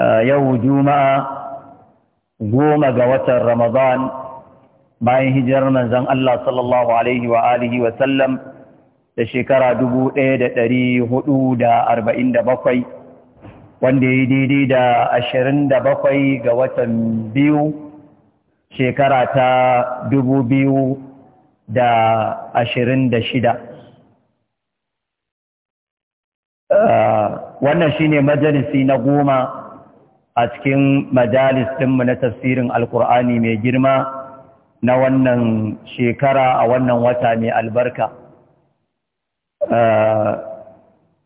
Eh, yau juma'a goma ga watan ramadan bayan hijirar manzan Allah sallallahu alaihi wa alihi wa sallam da shekara 1447 wanda ya yi daidai da 27 ga watan biyu shekara ta 2026 eh, wannan shi ne majalisi na goma a cikin majalis ɗinmu na tafsirin alkur'ani mai girma na wannan shekara a wannan wata mai albarka eh,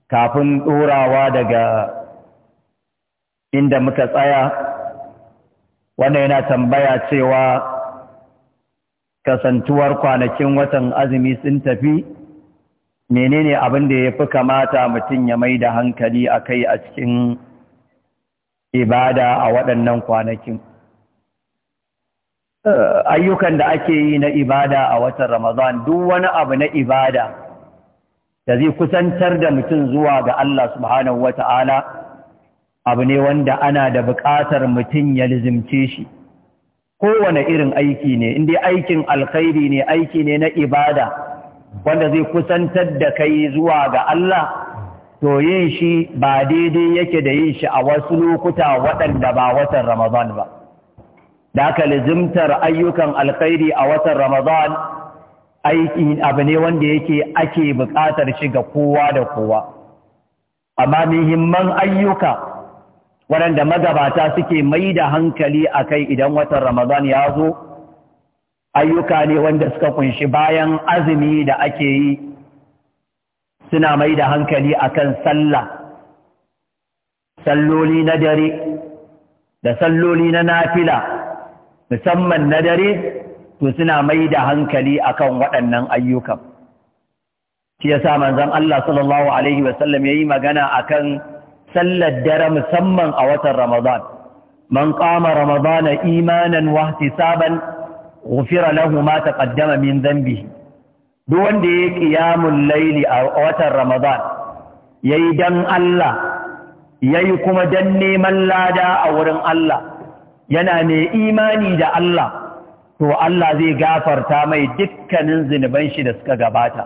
kafin ɗorawa daga inda muka tsaya wannan yana tambaya cewa kasantuwar kwanakin watan azumi sun tafi menene abin da ya fi kamata mutum ya mai da hankali a kai a cikin ibada a waɗannan kwanakin eh, ayyukan da ake yi na ibada a watan Ramadan duk wani abu na ibada da zai kusantar da mutum zuwa ga Allah subhanahu ta’ala abu ne wanda ana da buƙatar mutum ya lizimce shi kowane irin aiki ne inda aikin alkhairi ne aiki ne na ibada wanda zai kusantar da kai zuwa ga Allah to yin shi ba daidai yake da yin shi a wasu lokuta waɗanda ba watan Ramadan ba. Da aka lizimtar ayyukan alkhairi a watan Ramadan aiki abu ne wanda yake ake buƙatar shi ga kowa da kowa. Amma muhimman ayyuka waɗanda magabata suke mai da hankali a kai idan watan Ramadan ya zo, ayyuka ne wanda suka kunshi bayan azumi da ake yi suna mai da hankali akan sallah salloli na dare da salloli na nafila musamman na dare to suna mai da hankali akan waɗannan ayyukan shi yasa manzon Allah sallallahu alaihi wasallam yayi magana akan sallar dare musamman a watan Ramadan man kama ramadana imanan wa ihtisaban ghufira lahu ma taqaddama min dhanbihi duk wanda ya yi ƙiyamun laili a watan Ramadan ya yi don Allah ya yi kuma don neman lada a wurin Allah yana mai imani da Allah to Allah zai gafarta mai dukkanin zunuban shi da suka gabata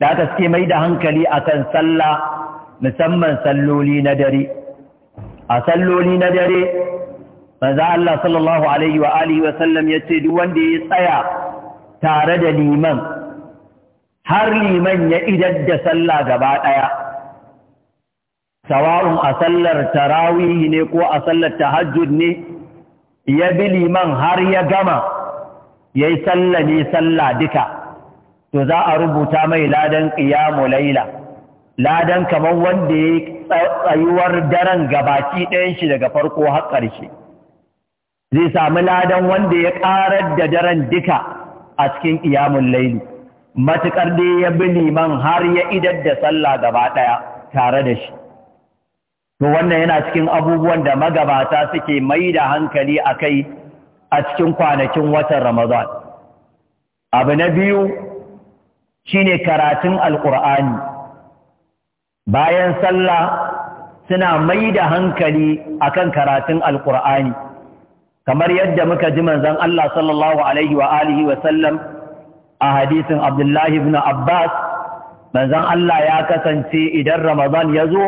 da aka suke mai da hankali akan sallah musamman salloli na dare a salloli na dare manzo Allah sallallahu alaihi wa alihi wa sallam duk wanda ya tsaya tare da liman har liman ya idar da sallah gaba ɗaya, sawa'un a sallar tarawihi ne ko a sallar tahajjud ne, ya bi liman har ya gama ya yi sallah ne sallah duka, to za a rubuta mai ladan ƙiyamu laila, ladan kamar wanda ya yi tsayuwar daren gabaki ɗayan shi daga farko har ƙarshe. Zai sami ladan wanda ya ƙarar da daren duka a cikin ƙiyamun laili. matuƙar dai ya bi liman har ya idar da sallah gaba ɗaya tare da shi to wannan yana cikin abubuwan da magabata suke mai da hankali a kai a cikin kwanakin watan ramadan abu na biyu shi ne karatun alƙur'ani bayan sallah suna mai da hankali akan karatun alƙur'ani kamar yadda muka ji manzan Allah sallallahu alaihi wa alihi wa sallam a hadisin abdullahi ibn abbas manzon Allah ya kasance idan ramadan ya zo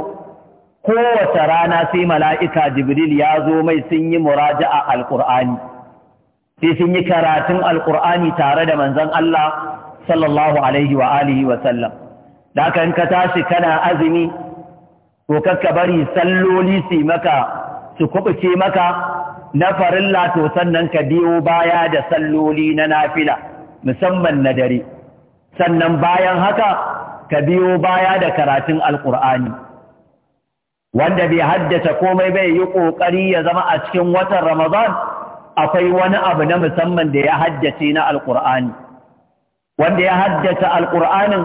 kowace rana sai mala'ika jibril ya zo mai sun yi a alƙur'ani sai sun yi karatun alƙur'ani tare da manzon Allah sallallahu alaihi wa alihi wa sallam da ka tashi kana azumi ko kakka bari salloli su maka su kubuce maka na farilla to sannan ka biyo baya da salloli na nafila musamman na dare sannan bayan haka ka biyo baya da karatun alkur'ani wanda bai haddace komai bai yi ƙoƙari ya zama a cikin watan ramadan akwai wani abu na musamman da ya haddace na alkur'ani wanda ya haddace alkur'anin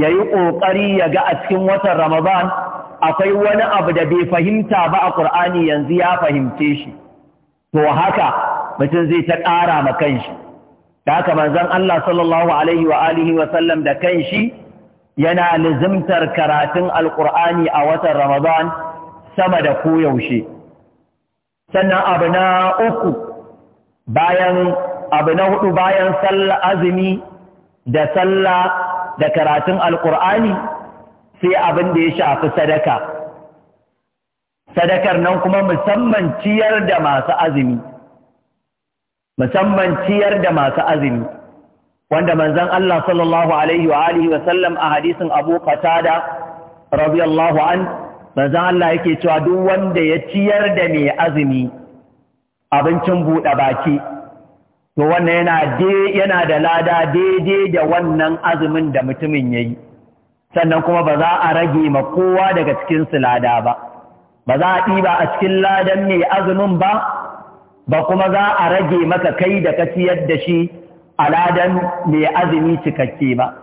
ya yi ƙoƙari ya ga a cikin watan ramadan akwai wani abu da bai fahimta ba a ƙur'ani yanzu ya fahimce shi to haka mutum zai ta ƙara ma kanshi da aka manzon Allah sallallahu alaihi wa alihi sallam da kanshi yana lizimtar karatun alur'ani a watan ramadan sama da koyaushe sannan abu na uku bayan abu na hudu bayan sallah azumi da sallah da karatun Alƙur'ani, sai abin da ya shafi sadaka sadakar nan kuma musamman ciyar da masu azumi musamman ciyar da masu azumi wanda manzon Allah sallallahu alaihi wa alihi wa sallam a hadisin Abu Qatada radiyallahu an manzon Allah yake cewa duk wanda ya ciyar da mai azumi abincin buɗe baki to wannan yana yana da lada daidai da wannan azumin da mutumin yayi sannan kuma ba za a rage ma kowa daga cikin su lada ba ba za a diba a cikin ladan mai azumin ba ba kuma za a rage maka kai da ka ciyar da shi a Ladan mai azumi cikakke ba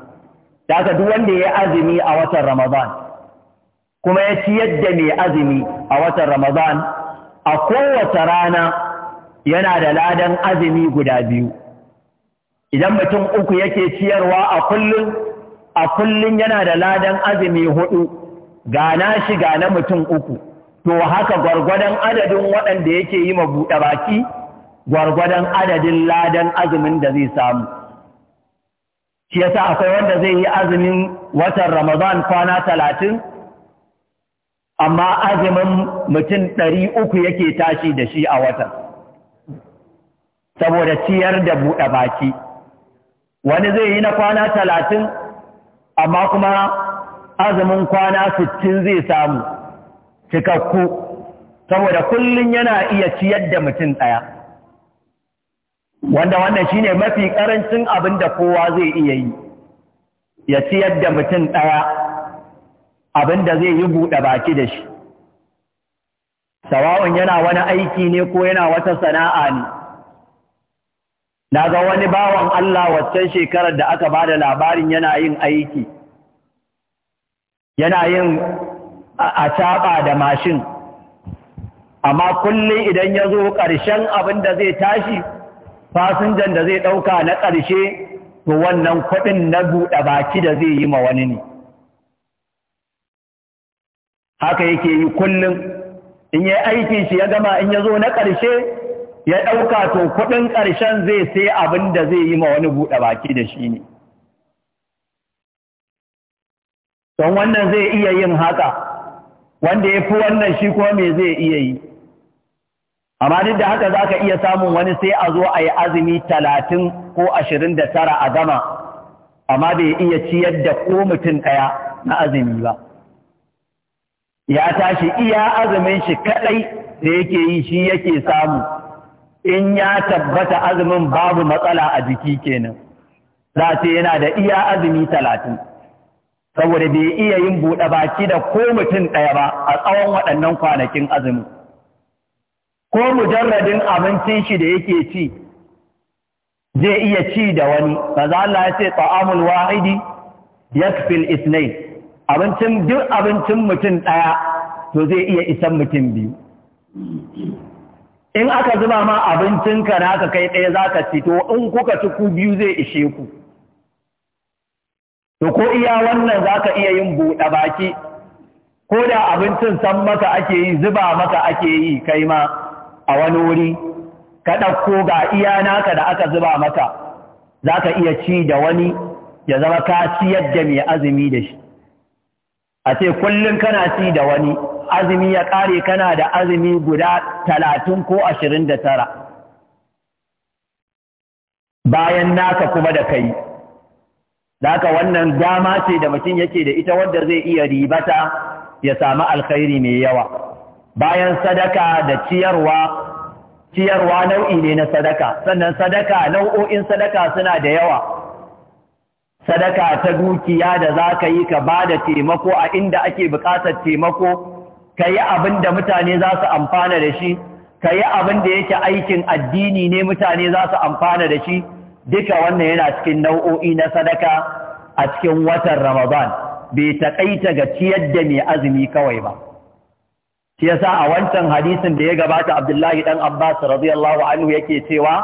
Da aka duk wanda ya azumi a watan ramadan kuma ya ciyar da mai azumi a watan ramadan a kowace rana yana da ladan azumi guda biyu idan mutum uku yake ciyarwa a kullum a kullum yana da ladan azumi hudu Gana shi ga na mutum uku to haka gwargwadon adadin waɗanda yake yi ma buɗe baki gwargwadon adadin ladan azumin da zai samu shi yasa akwai wanda zai yi azumin watan ramadan kwana talatin amma azumin mutum ɗari uku yake tashi da shi a watan saboda ciyar da buɗe baki wani zai yi na kwana talatin amma kuma azumin kwana sittin zai samu cikakku saboda kullum yana iya ciyar da mutum ɗaya wanda wannan shi ne mafi ƙarancin abin da kowa zai iya yi ya ciyar da mutum ɗaya abin da zai yi buɗe baki da shi sawa'un yana wani aiki ne ko yana wata sana'a ne na ga wani bawan Allah waccan shekarar da aka ba da labarin yana yin aiki yana yin a caɓa da mashin amma kullum idan ya zo ƙarshen abin da zai tashi fasinjan da zai ɗauka na ƙarshe to wannan kuɗin na buɗe baki da zai yi ma wani ne haka yake yi kullum in yi aikin shi ya gama in ya zo na ƙarshe ya ɗauka to kuɗin ƙarshen zai sai abin da zai yi ma wani buɗe baki da shi ne don wannan zai iya yin haka wanda ya fi wannan shi kuma me zai iya yi amma duk da haka za ka iya samun wani sai a zo a yi azumi talatin ko ashirin da tara a gama amma bai iya ciyar da ko mutum ɗaya na azumi ba ya tashi iya azumin shi kaɗai da yake yi shi yake samu in ya tabbata azumin babu matsala a jiki kenan za yana da iya azumi talatin saboda bai iya yin buɗe baki da ko mutum ɗaya ba a tsawon waɗannan kwanakin azumi ko mujarradin abincin shi da yake ci zai iya ci da wani za Allah ya ce ta'amul wahidi yakfil isnai abincin duk abincin mutum ɗaya to zai iya isan mutum biyu in aka zuba ma abincinka naka kai ɗaya za ka ci to in kuka ci ku biyu zai ishe ku to ko iya wannan za ka iya yin buɗe baki ko da abincin san maka ake yi zuba maka ake yi kai ma a wani wuri ka ɗauko ga iya naka da aka zuba maka za ka iya ci da wani ya zama ka ci da mai azumi da shi a ce kullum kana ci da wani azumi ya ƙare kana da azumi guda talatin ko ashirin da tara bayan naka kuma da kai da wannan dama ce da mutum yake da ita wadda zai iya ribata ya sami alkhairi mai yawa bayan sadaka da ciyarwa ciyarwa nau'i ne na sadaka sannan sadaka nau'o'in sadaka suna da yawa sadaka ta dukiya da za ka yi ka ba da taimako a inda ake buƙatar taimako ka yi abin da mutane za su amfana da shi ka yi abin da yake aikin addini ne mutane za su amfana da shi duka wannan yana cikin nau'o'i na sadaka a cikin watan Ramadan bai taƙaita ga ciyar da mai azumi kawai ba shi yasa a wancan hadisin da ya gabata Abdullahi dan Abbas radiyallahu anhu yake cewa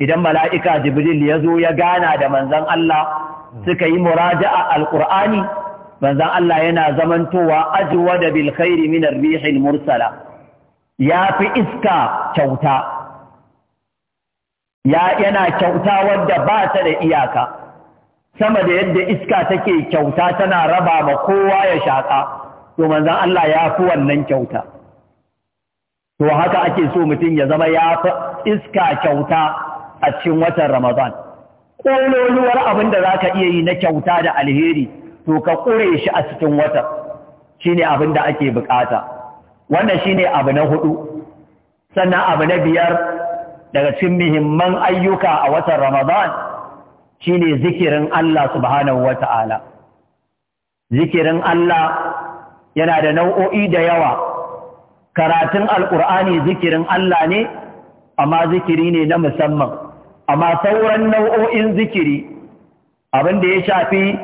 idan mala'ika Jibril ya zo ya gana da manzon Allah suka yi muraja'a alqur'ani manzon Allah yana zamantowa ajwada bil khairi min ar-rihil mursala yafi iska kyauta ya yana kyauta wadda ba ta da iyaka sama da yadda iska take kyauta tana raba ma kowa ya shaƙa to manzon Allah ya fi wannan kyauta to haka ake so mutum ya zama ya fi iska kyauta a cikin watan Ramadan ƙololuwar abin da za ka iya yi na kyauta da alheri to ka ƙure shi a cikin wata shine abin da ake bukata wannan shine abu na hudu sannan abu na biyar daga cikin muhimman ayyuka a watan Ramadan shine zikirin Allah subhanahu ta'ala. zikirin Allah yana da nau'o'i da yawa karatun alkur'ani zikirin Allah ne amma zikiri ne na musamman amma sauran nau'o'in zikiri abin da ya shafi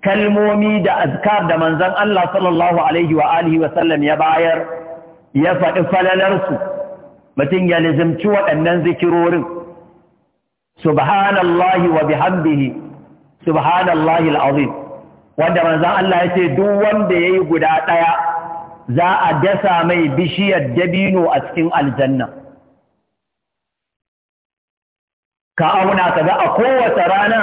kalmomi da azkar da manzon Allah sallallahu alaihi wa alihi wa sallam ya bayar ya faɗi falalarsu mutum ya lizimci waɗannan zikirorin subhanallahi wa bihamdihi subhanallahi al'azim wanda manzan Allah ya ce duk wanda ya yi guda ɗaya za a dasa mai bishiyar dabino a cikin aljanna ka auna ka ga a kowace rana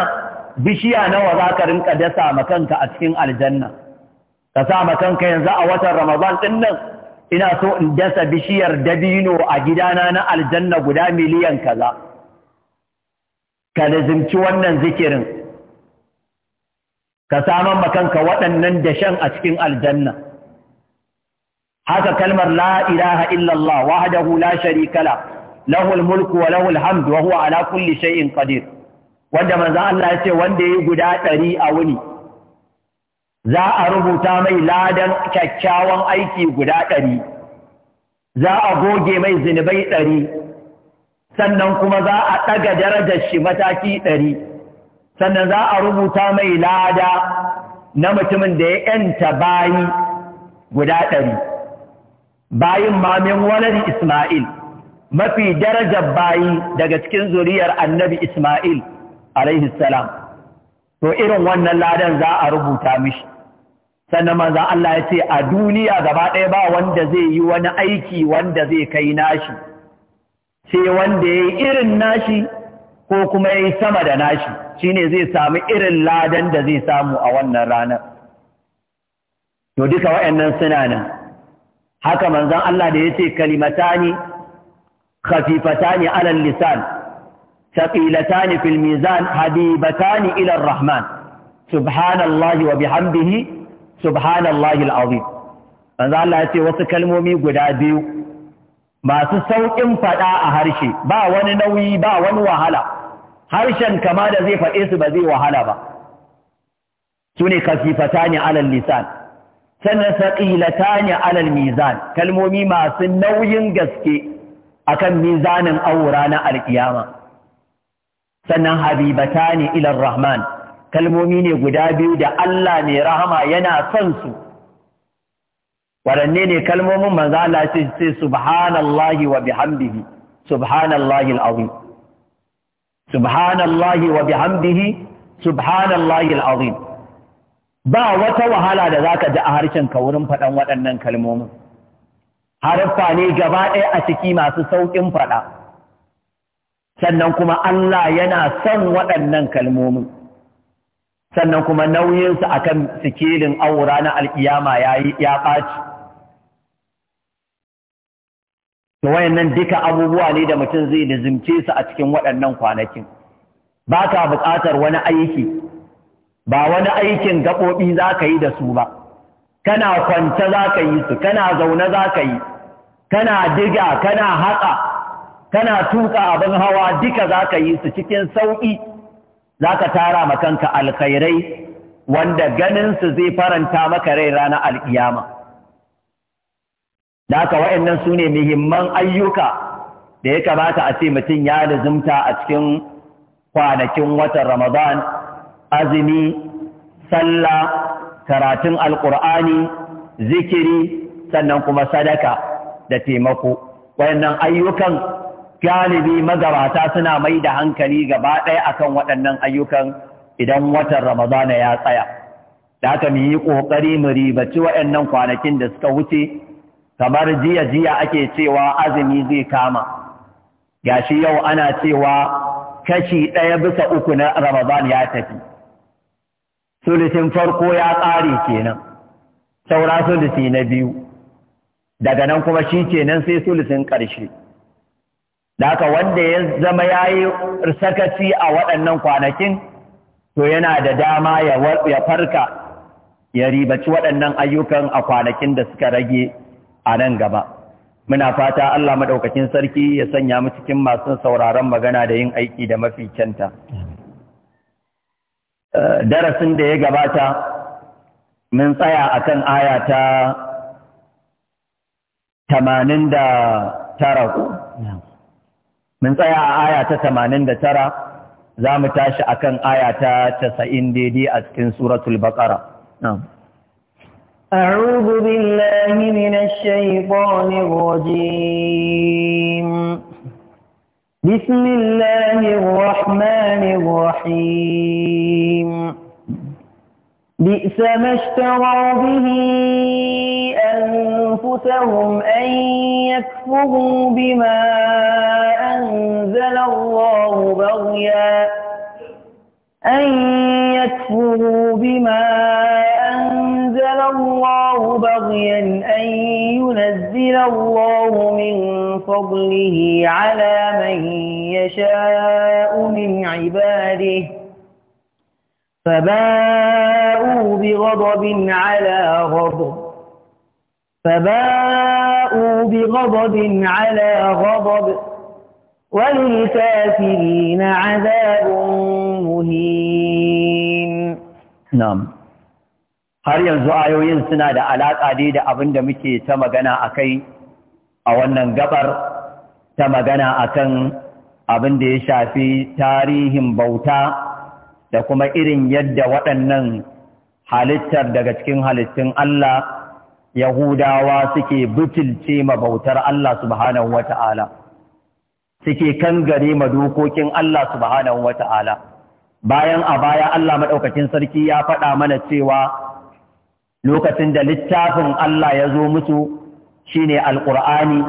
bishiya nawa za ka rinka dasa makanka a cikin aljanna ka sa makanka yanzu a watan ramadan ɗin nan ina so in dasa bishiyar dabino a gidana na aljanna guda miliyan kaza ka lazimci wannan zikirin ka saman makanka waɗannan dashen a cikin aljanna haka kalmar la ilaha illallah wahdahu la sharika la lahul mulku wa lahul hamdu wa huwa ala kulli shay'in qadir wanda manzo Allah ya ce wanda yayi guda ɗari a wuni za a rubuta mai ladan kyakkyawan aiki guda ɗari za a goge mai zunubai ɗari sannan kuma za a ɗaga darajar shi mataki ɗari sannan za a rubuta mai lada na mutumin da ya ‘yanta bayi guda ɗari bayin mamin walari Ismail mafi darajar bayi daga cikin zuriyar annabi Ismail alaihissalam to irin wannan ladan za a rubuta mishi sannan manzan Allah ya ce a duniya gaba ɗaya ba wanda zai yi wani aiki wanda zai kai nashi sai wanda ya yi irin nashi ko kuma ya yi sama da nashi shine zai sami irin ladan da zai samu a wannan ranar to duka waɗannan suna nan haka manzan Allah da ya ce kalimatani khafifatani alal lisan thaqilatani filmizan, habibata habibatani ilar rahman subhanallahi wa bihamdihi subhanallahi al'azim manzo Allah ya ce wasu kalmomi guda biyu masu sauƙin faɗa a harshe ba wani nauyi ba wani wahala harshen kama da zai faɗe su ba zai wahala ba su ne kasifata ne alal lisan sannan saƙilata ne alal mizan kalmomi masu nauyin gaske akan mizanin aura na alƙiyama sannan habibata ne ilar rahman kalmomi ne guda biyu da Allah ne rahama yana son su waɗanne ne kalmomin manzo Allah ce ce subhanallahi wa bihamdihi subhanallahi alazim subhanallahi wa bihamdihi subhanallahi alazim ba wata wahala da zaka ji a harshen ka wurin faɗan waɗannan kalmomin harfa ne gaba ɗaya a ciki masu sauƙin faɗa sannan kuma Allah yana son waɗannan kalmomin sannan kuma nauyinsu akan sikilin aura na alkiyama yayi ya ɓaci Da wayannan duka abubuwa ne da mutum zai lizimce su a cikin waɗannan kwanakin ba ka buƙatar wani aiki ba wani aikin gaɓoɓi za ka yi da su ba kana kwanta za ka yi su kana zaune za ka yi kana diga kana haƙa kana tuƙa abin hawa duka za ka yi su cikin sauƙi za ka tara makanka alkhairai wanda ganinsu zai faranta maka rai ranar alkiyama da haka wa'annan su ne muhimman ayyuka da ya kamata a ce mutum ya zumta a cikin kwanakin watan ramadan azumi sallah karatun alkur'ani zikiri sannan kuma sadaka da taimako wayannan ayyukan galibi magabata suna mai da hankali gaba ɗaya akan waɗannan ayyukan idan watan Ramadana ya tsaya. Da aka mu yi ƙoƙari mu ribaci waɗannan kwanakin da suka wuce, kamar jiya jiya ake cewa azumi zai kama. Gashi yau ana cewa kashi ɗaya bisa uku na Ramadan ya tafi. Sulisin farko ya ƙare kenan, saura suliti na biyu, daga nan kuma shi kenan sai sulitin ƙarshe. da aka wanda ya zama ya yi sakaci a waɗannan kwanakin to yana da dama ya farka ya ribaci waɗannan ayyukan a kwanakin da suka rage a nan gaba muna fata Allah maɗaukakin sarki ya sanya mu cikin masu sauraron magana da yin aiki da mafi kyanta eh, darasin da ya gabata mun tsaya a kan tamanin aya ta ku. من تسعة آية تسمانين دترا زام تاش أكن آية تسعين دي دي أسكن سورة البقرة نعم أعوذ بالله من الشيطان الرجيم بسم الله الرحمن الرحيم بئس ما اشتروا به أنفسهم أن يكفروا بما أنزل الله بغيا أن يكفروا بما أنزل الله بغيا أن ينزل الله من فضله على من يشاء من عباده فباءوا بغضب على غضب فباءوا بغضب على غضب وللكافرين عذاب مهين نعم har yanzu ayoyin suna da alaƙa dai da abin da muke ta magana a kai a wannan gabar ta magana a kan abin da ya shafi tarihin bauta da kuma irin yadda waɗannan halittar daga cikin halittun Allah Yahudawa suke butulce ma bautar Allah subhanahu wa suke kangare ma dokokin Allah subhanahu Bayan a baya Allah maɗaukacin sarki ya faɗa mana cewa lokacin da littafin Allah ya zo musu shi ne Alƙur'ani,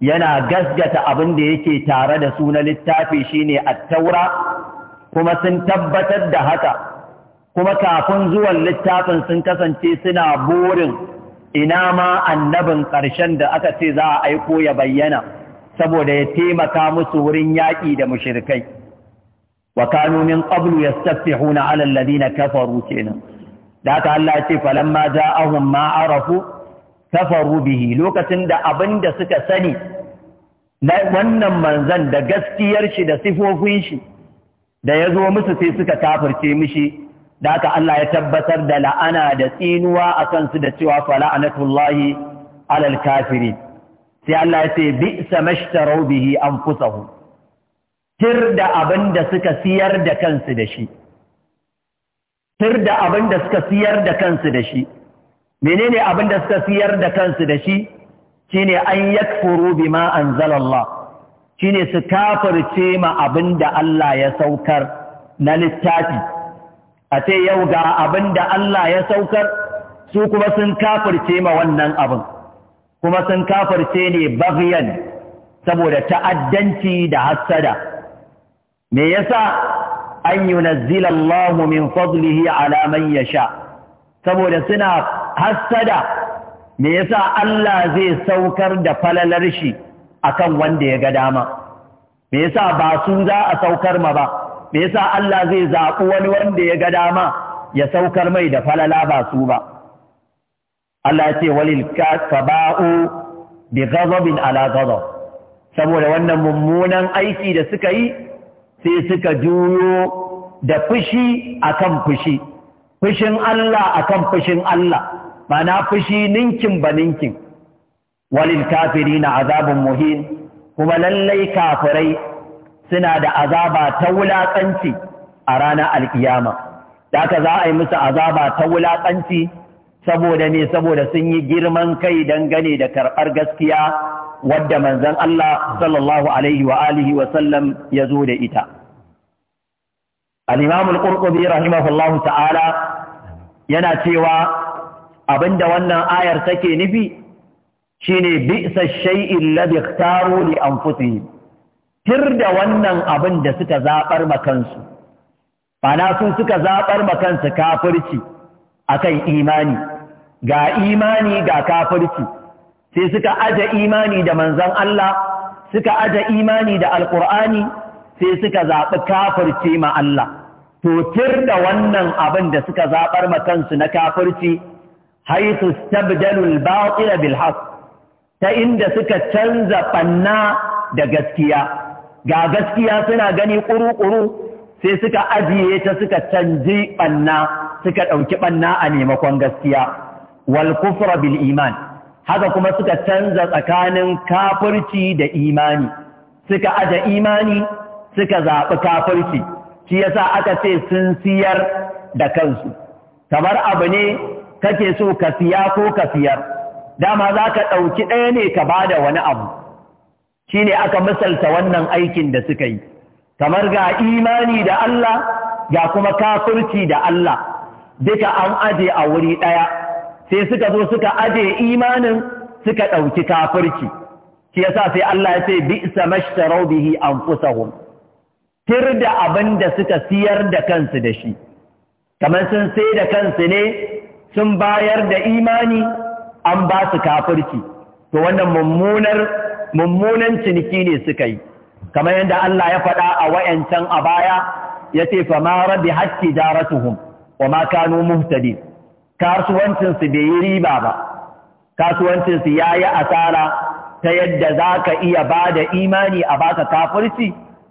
yana gasgata abin da yake tare da su na littafi shi ne attaura, kuma sun tabbatar da haka, kuma kafin zuwan littafin sun kasance suna burin ina ma annabin ƙarshen da aka ce za a aiko ya bayyana saboda ya taimaka musu wurin yaƙi da mushirikai wa kanu min qablu yastafihuna ala alladhina kafaru kenan da ta Allah ce falamma ja'ahum ma arafu kafaru bihi lokacin da abin da suka sani na wannan manzan da gaskiyar shi da sifofin shi da ya zo musu sai suka kafirce mishi da aka Allah ya tabbatar da la'ana da tsinuwa a kansu da cewa fala'anatullahi alal kafiri sai Allah ya ce bi samashtarau bihi anfusahu tir da da suka siyar da kansu da shi tir da abin da suka siyar da kansu da shi menene abin da suka siyar da kansu da shi shine an yakfuru bima anzalallah shine su kafirce ma abin da Allah ya saukar na littafi a ce yau ga abin da Allah ya saukar su kuma sun kafirce ma wannan abin kuma sun kafirce ne bagiyan saboda ta'addanci da hassada me yasa an yunazzila Allah min fadlihi ala man yasha saboda suna hassada me yasa Allah zai saukar da falalar shi akan wanda ya ga dama me yasa ba su za a saukar ma ba me yasa Allah zai zaɓi wani wanda ya ga dama ya saukar mai da falala ba su ba Allah ce walil kaba'u bi ghadabin ala ghadab saboda wannan mummunan aiki da suka yi sai suka juyo da fushi akan fushi fushin Allah akan fushin Allah mana fushi ninkin ba ninkin walil kafirina azabun muhin kuma lallai kafirai suna da azaba ta wulaƙanci a ranar alkiyama da aka za a yi musu azaba ta wulaƙanci saboda ne saboda sun yi girman kai dangane da karɓar gaskiya wadda manzon Allah sallallahu alaihi wa alihi wa sallam ya zo da ita alimamul imam al rahimahullahu ta'ala yana cewa abinda wannan ayar take nufi shine bi'sa shay'in ladhi ikhtaru li anfusihim tir da wannan abin da suka zaɓar kansu, mana sun suka zaɓar makansu kafirci kan imani ga imani ga kafirci sai suka aje imani da manzon Allah suka aje imani da alkur'ani sai suka zaɓi kafirci ma Allah to tir da wannan abin da suka zaɓar kansu na kafirci haitu stabdalul batila bil ta inda suka canza ɓanna da gaskiya ga gaskiya suna gani ƙuru-ƙuru sai suka ajiye ta suka canji ɓanna suka ɗauki ɓanna a nemakon gaskiya wal kufra bil iman haka kuma suka canza tsakanin kafirci da imani suka aje imani suka zaɓi kafirci shi yasa aka ce sun siyar da kansu kamar abu ne kake so ka siya ko ka siyar dama za ka ɗauki ɗaya ne ka ba da wani abu Shi ne aka misalta wannan aikin da suka yi kamar ga imani da Allah ga kuma kafurci da Allah duka an aje a wuri ɗaya sai suka zo suka aje imanin suka ɗauki kafirci shi yasa sai Allah ya ce bi isa mashtarau bihi anfusahum tir da abin da suka siyar da kansu da shi kamar sun sai da kansu ne sun bayar da imani an ba su kafirci to wannan mummunar mummunan ciniki ne suka yi kamar yadda Allah ya faɗa a wayancan a baya ya ce fa ma rabi jara daratuhum wa ma kanu muhtadi kasuwancinsu bai yi riba ba Kasuwancinsu ya yi asara ta yadda za ka iya ba da imani a baka kafirci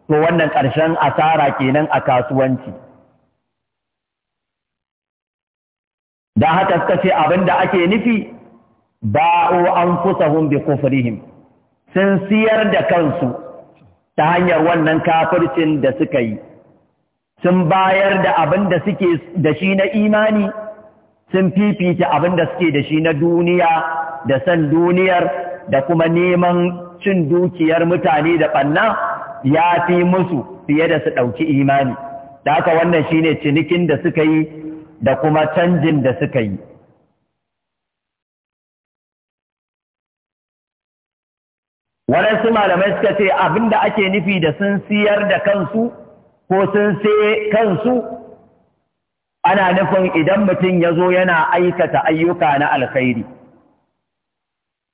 to wannan ƙarshen asara kenan a kasuwanci da haka suka ce abin da ake nufi ba'u hun bi kufurihim. sun siyar da kansu ta hanyar wannan kafircin da suka yi sun bayar da abin da suke da shi na imani sun fifita abin da suke da shi na duniya da san duniyar da kuma neman cin dukiyar mutane da ɓanna ya fi musu fiye da su ɗauki imani da haka wannan shine cinikin da suka yi da kuma canjin da suka yi waɗansu malamai suka ce abin da ake nufi da sun siyar da kansu ko sun saye kansu ana nufin idan mutum ya zo yana aikata ayyuka na alkhairi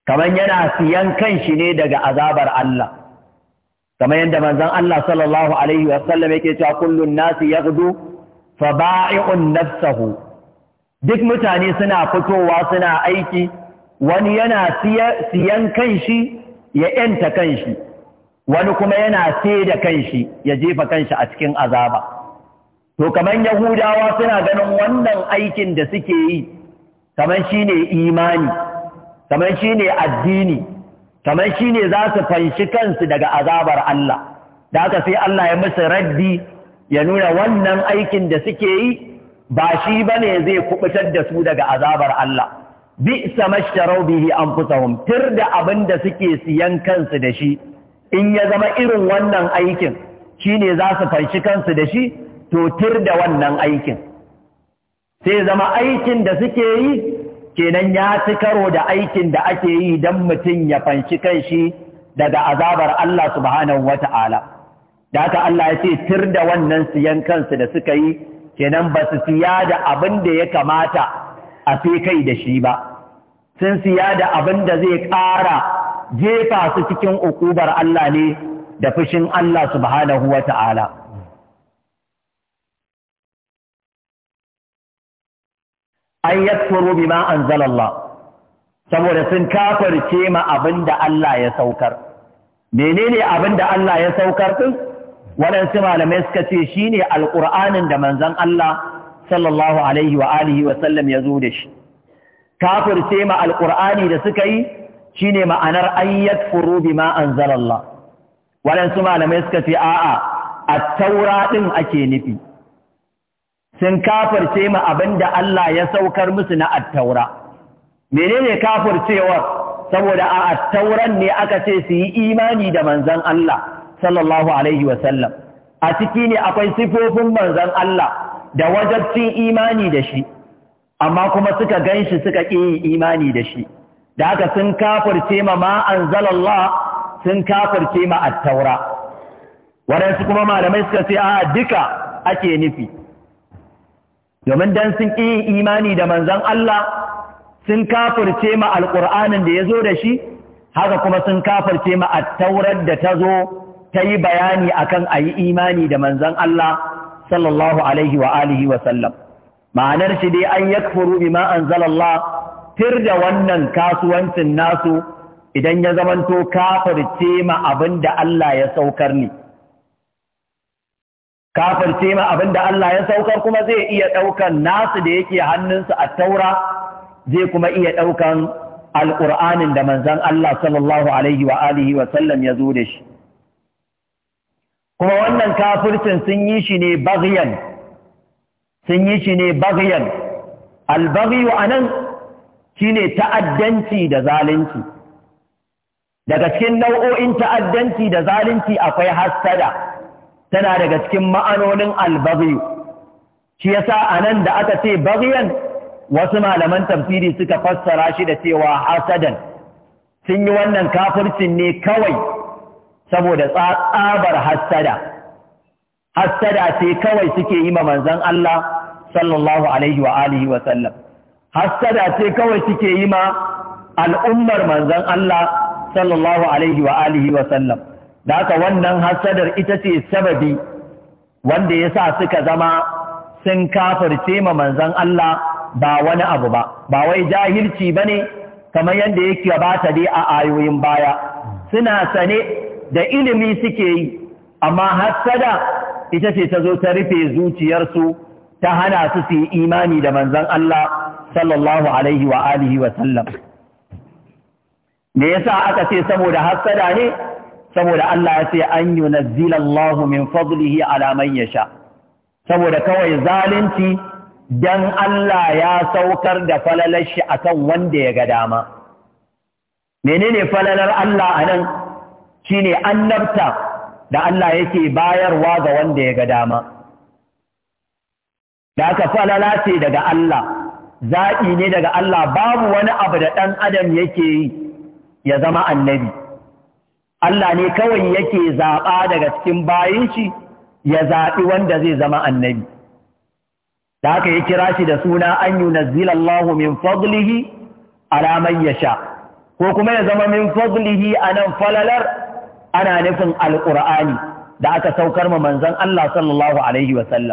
kamar yana siyan kanshi ne daga azabar Allah kamar yadda manzon Allah sallallahu alaihi wasallam yake cewa kullun nasi yaghdu fa ba'i'un nafsahu duk mutane suna fitowa suna aiki wani yana siyan kanshi ya ‘yanta kanshi, wani kuma yana sai da kanshi ya jefa kanshi a cikin azaba. To, kamar Yahudawa suna ganin wannan aikin da suke yi, kamar shi ne imani, kamar shi ne addini, kamar shi ne za su fanshi kansu daga azabar Allah. Da haka sai Allah ya musu raddi ya nuna wannan aikin da suke yi ba shi ba ne zai kubutar da su daga azabar Allah. bi samashtarau bihi anfusahum tir da abin da suke siyan kansu da shi in ya zama irin wannan aikin shine za su fanshi kansu da shi to tir da wannan aikin sai zama aikin da suke yi kenan ya ci karo da aikin da ake yi don mutum ya fanshi kanshi daga azabar Allah subhanahu wata'ala da haka Allah ya ce tir da wannan siyan kansu da suka yi kenan ba su siya da abin da ya kamata a fi kai da shi ba sun siya da abin da zai ƙara jefa su cikin ukubar Allah ne da fushin Allah subhanahu wa ta'ala an yakfuru bima anzalallah saboda sun kafarce ma abin da Allah ya saukar menene abin da Allah ya saukar ɗin? waɗansu malamai suka ce shi ne al’ur'anin da manzon Allah sallallahu alaihi wa alihi wa sallam ya zo da shi ce ma alqur'ani da suka yi shine ma'anar ayyat furu bima anzalallah waɗansu malamai suka ce a'a a taura din ake nufi sun ce ma abinda Allah ya saukar musu na attaura. taura menene cewar saboda a attauran ne aka ce su yi imani da manzon Allah sallallahu alaihi wa sallam a ciki ne akwai sifofin manzon Allah da wajabcin imani da shi amma kuma suka gan shi suka ƙi imani da shi da haka sun kafirce ma ma’an anzalallah sun kafirce ma at-taura waɗansu kuma malamai suka ce a duka ake nufi domin dan sun ƙi imani da manzan Allah sun kafirce ma al’ur’anin da ya zo da shi haka kuma sun kafirce ma at-taurar da ta zo ta yi bayani akan a yi imani da manzan Allah sallallahu alaihi wa alihi wa sallam ma'anar shi dai an yakfuru bima anzalallah tir da wannan kasuwancin nasu idan ya zamanto kafirce ma abin da Allah ya saukar ne kafirce ma abin da Allah ya saukar kuma zai iya ɗaukan nasu da yake hannunsu a taura zai kuma iya ɗaukan alƙur'anin da manzan Allah sallallahu alaihi wa alihi wa sallam ya zo da shi kuma wannan kafircin sun yi shi ne bagiyan sun yi shi ne bagiyan albagiyu a nan shi ne ta'addanci da zalunci daga cikin nau'o'in ta'addanci da zalunci akwai hassada tana daga cikin ma'anonin albagiyu shi yasa a nan da aka ce bagiyan wasu malaman tafsiri suka fassara shi da cewa hasadan sun yi wannan kafircin ne kawai saboda tsabar hassada hassada ce kawai suke yi ma manzon Allah sallallahu alaihi wa alihi wa sallam hassada ce kawai suke yi ma al'ummar manzon Allah sallallahu alaihi wa alihi wa sallam da haka wannan hassadar ita ce sababi wanda ya sa suka zama sun kafirce ma manzon Allah ba wani abu ba ba wai jahilci bane kamar yadda yake bata dai a ayoyin baya suna sane da ilimi suke yi amma hassada ita ce ta zo ta rufe zuciyarsu ta hana su su yi imani da manzon Allah sallallahu alaihi wa alihi wa sallam me yasa aka ce saboda hassada ne saboda Allah ya ce an yunazzila Allahu min fadlihi ala man yasha saboda kawai zalunci dan Allah ya saukar da falalar shi akan wanda ya ga dama menene falalar Allah anan ne annabta da Allah yake bayarwa ga wanda ya ga dama da aka falala ce daga Allah Zaƙi ne daga Allah babu wani abu da ɗan adam yake yi ya zama annabi Allah ne kawai yake zaɓa daga cikin bayin shi ya zaɓi wanda zai zama annabi da aka yi kira shi da suna an yi nazilallahu min fadlihi alaman ya sha ko kuma ya zama min fadlihi a nan falalar ana nufin alƙur'ani da aka saukar ma manzon Allah sallallahu alaihi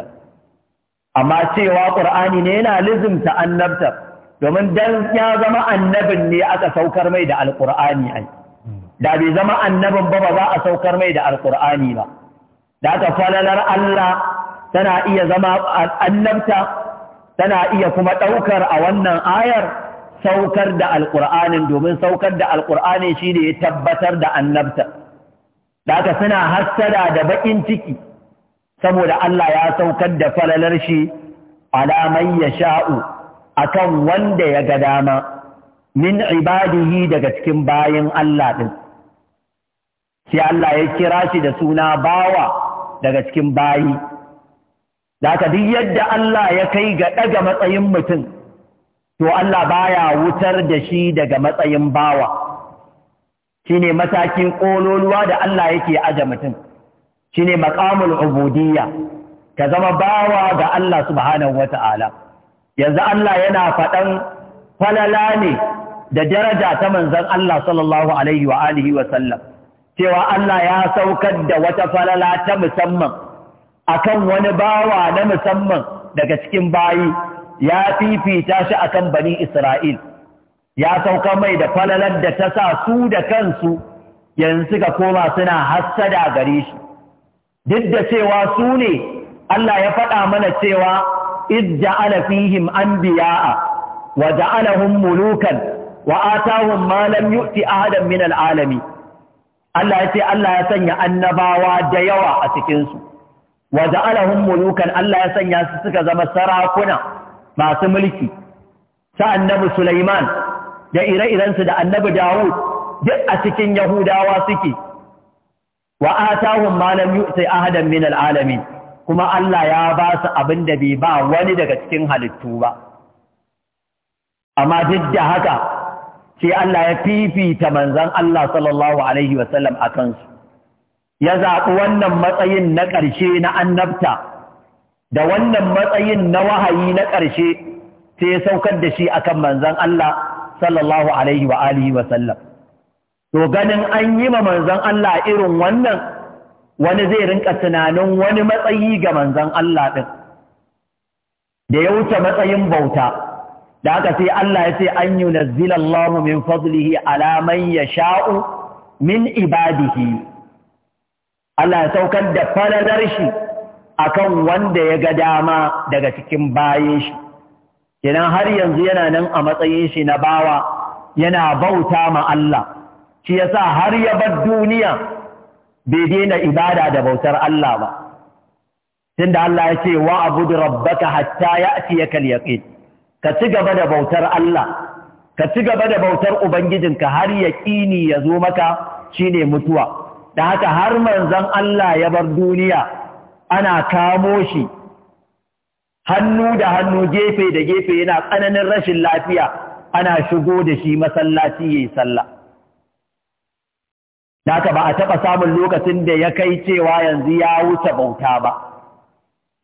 amma cewa ƙur'ani ne yana lizimta annabta domin dan ya zama annabin ne aka saukar mai da alƙur'ani ai da bai zama annabin ba ba za a saukar mai da alƙur'ani ba da aka falalar Allah tana iya zama annabta tana iya kuma ɗaukar a wannan ayar saukar da alƙur'anin domin saukar da alƙur'ani shi ne ya tabbatar da annabta da suna hassada da bakin ciki saboda Allah ya saukar da falalar shi alamai ya sha'u a kan wanda ya ga dama min ibadihi daga cikin bayan Allah ɗin. Sai Allah ya kira shi da suna bawa daga cikin bayi. Da duk yadda Allah ya kai ga ɗaga matsayin mutum, to Allah baya wutar da shi daga matsayin bawa. shine matakin ƙololuwa da Allah yake aje mutum shine maqamul ubudiyya ka zama bawa ga Allah subhanahu ta'ala. yanzu Allah yana faɗan falala ne da daraja ta manzon Allah sallallahu alaihi wa alihi wa sallam cewa Allah ya saukar da wata falala ta musamman akan wani bawa na musamman daga cikin bayi ya fifita shi akan bani Isra'il ya sauka mai da falalar da ta sa su da kansu yanzu suka koma suna hassada gare shi duk da cewa su ne Allah ya faɗa mana cewa iz ja'ala fihim anbiya'a wa ja'alahum mulukan wa atahum ma lam yu'ti ahadan min al'alami Allah ya ce Allah ya sanya annabawa da yawa a cikin su wa ja'alahum mulukan Allah ya sanya su suka zama sarakuna masu mulki sa annabi Sulaiman da ire-irensu da annabi Dawud duk a cikin Yahudawa suke wa atahum sai lam yu'ti ahadan min al'alami, kuma Allah ya ba su abin da bai ba wani daga cikin halittu ba amma duk da haka sai Allah ya fifita manzon Allah sallallahu alaihi wasallam ya zaɓi wannan matsayin na ƙarshe na annabta da wannan matsayin na wahayi na ƙarshe sai ya saukar da shi akan manzon Allah sallallahu alaihi wa alihi wa sallam to ganin an yi ma manzon Allah irin wannan wani zai rinka tunanin wani matsayi ga manzon Allah din da ya wuce matsayin bauta da aka sai Allah ya ce an yunazzilallahu min fadlihi ala man yasha'u min ibadihi Allah ya saukar da falalar shi akan wanda ya ga dama daga cikin bayin shi kenan har yanzu yana nan a matsayin shi na bawa yana bauta ma Allah shi yasa har ya bar duniya bai daina ibada da bautar Allah ba tunda Allah ya ce wa abud rabbaka hatta ya'tiyaka al-yaqin ka ci gaba da bautar Allah ka ci gaba da bautar ubangijinka har yaqini ya zo maka shine mutuwa da haka har manzon Allah ya bar duniya ana kamo shi hannu da hannu gefe da gefe yana tsananin rashin lafiya ana shigo da shi masallaci ya yi sallah Naka ba a taɓa samun lokacin da ya kai cewa yanzu ya wuce bauta ba,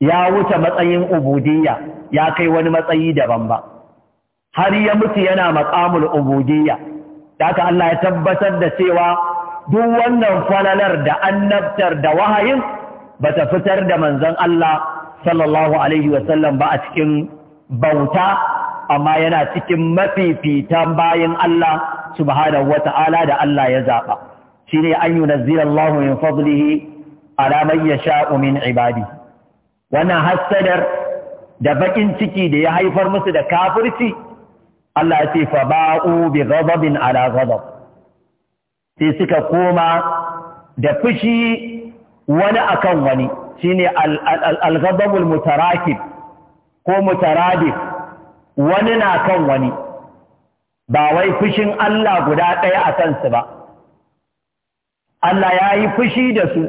ya wuce matsayin ubudiyya ya kai wani matsayi daban ba, har ya mutu yana matsamul ubudiyya, daka Allah ya tabbatar da cewa duk wannan falalar da annabtar da wahayin ba ta fitar da manzon Allah sallallahu alaihi wasallam ba a cikin bauta amma yana cikin mafifitan bayan Allah subhanahu wata'ala da Allah ya zaɓa shi ne an yi nazirallahu min fadlihi ala man yasha'u min ibadi wannan hassadar da bakin ciki da ya haifar musu da kafirci Allah ya ce fa ba'u bi ghadabin ala ghadab sai suka koma da fushi wani akan wani shine al-ghadabul mutarakib ko mutaradif wani na kan wani ba wai fushin Allah guda ɗaya a kansu ba Allah ya yi fushi da su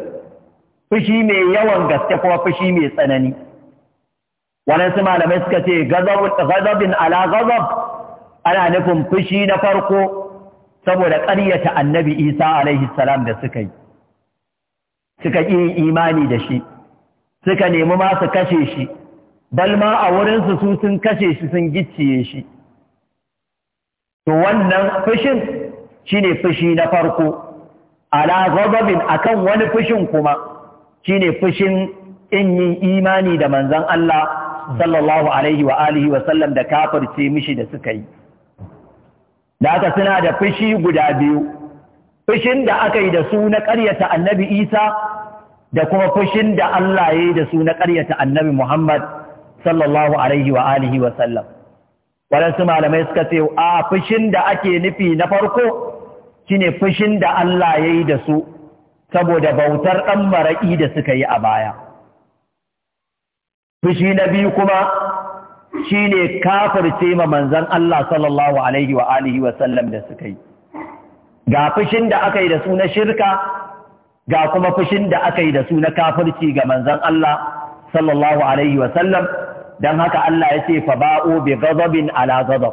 fushi mai yawan gaske kuma fushi mai tsanani su malamai suka ce gazabin ala gazab ana nufin fushi na farko saboda ƙaryata annabi isa alaihi da suka yi suka ƙi imani da shi suka nemi ma su kashe shi balma a wurinsu su sun kashe shi sun gicciye shi to wannan fushin shine fushi na farko ala ghadabin akan wani fushin kuma shine fushin in yin imani da manzon Allah sallallahu alaihi wa alihi wa sallam da kafirce mishi da suka yi da aka suna da fushi guda biyu fushin da aka yi da su na ƙaryata annabi Isa da kuma fushin da Allah ya yi da su na ƙaryata annabi Muhammad sallallahu alaihi wa alihi wa sallam. Waɗansu malamai suka ce, a fushin da ake nufi na farko shine fushin da Allah ya yi da su saboda bautar ɗan maraƙi da suka yi a baya. Fushi na biyu kuma shine kafirce ma manzan Allah sallallahu alaihi wa alihi wa sallam da suka yi. Ga fushin da aka yi da su na shirka ga kuma fushin da aka yi da su na kafirci ga manzon Allah sallallahu alaihi dan haka Allah ya ce fa ba'u bi ghadabin ala ghadab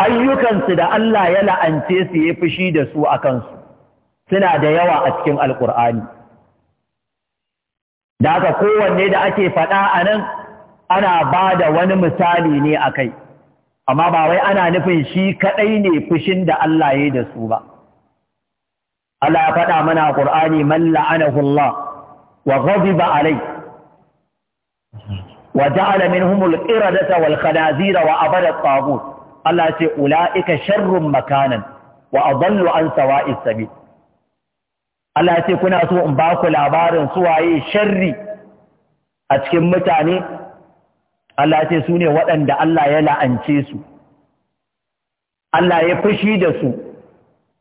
ayyukansu da Allah ya la'ance su ya fushi da su a kansu suna da yawa a cikin alkur'ani da haka kowanne da ake faɗa a nan ana ba da wani misali ne a kai amma ba wai ana nufin shi kaɗai ne fushin da Allah ya yi da su ba Allah ya faɗa mana a Qur'ani man la'anahu Allah wa ghadiba alai wa ja'ala minhumul qiradata wal khanazira wa abada tagut Allah ce ulaika sharrun makanan wa adallu an sawa'is sabil Allah ce kuna so in ba ku labarin suwaye sharri a cikin mutane Allah ce su ne waɗanda Allah ya la'ance su Allah ya fushi da su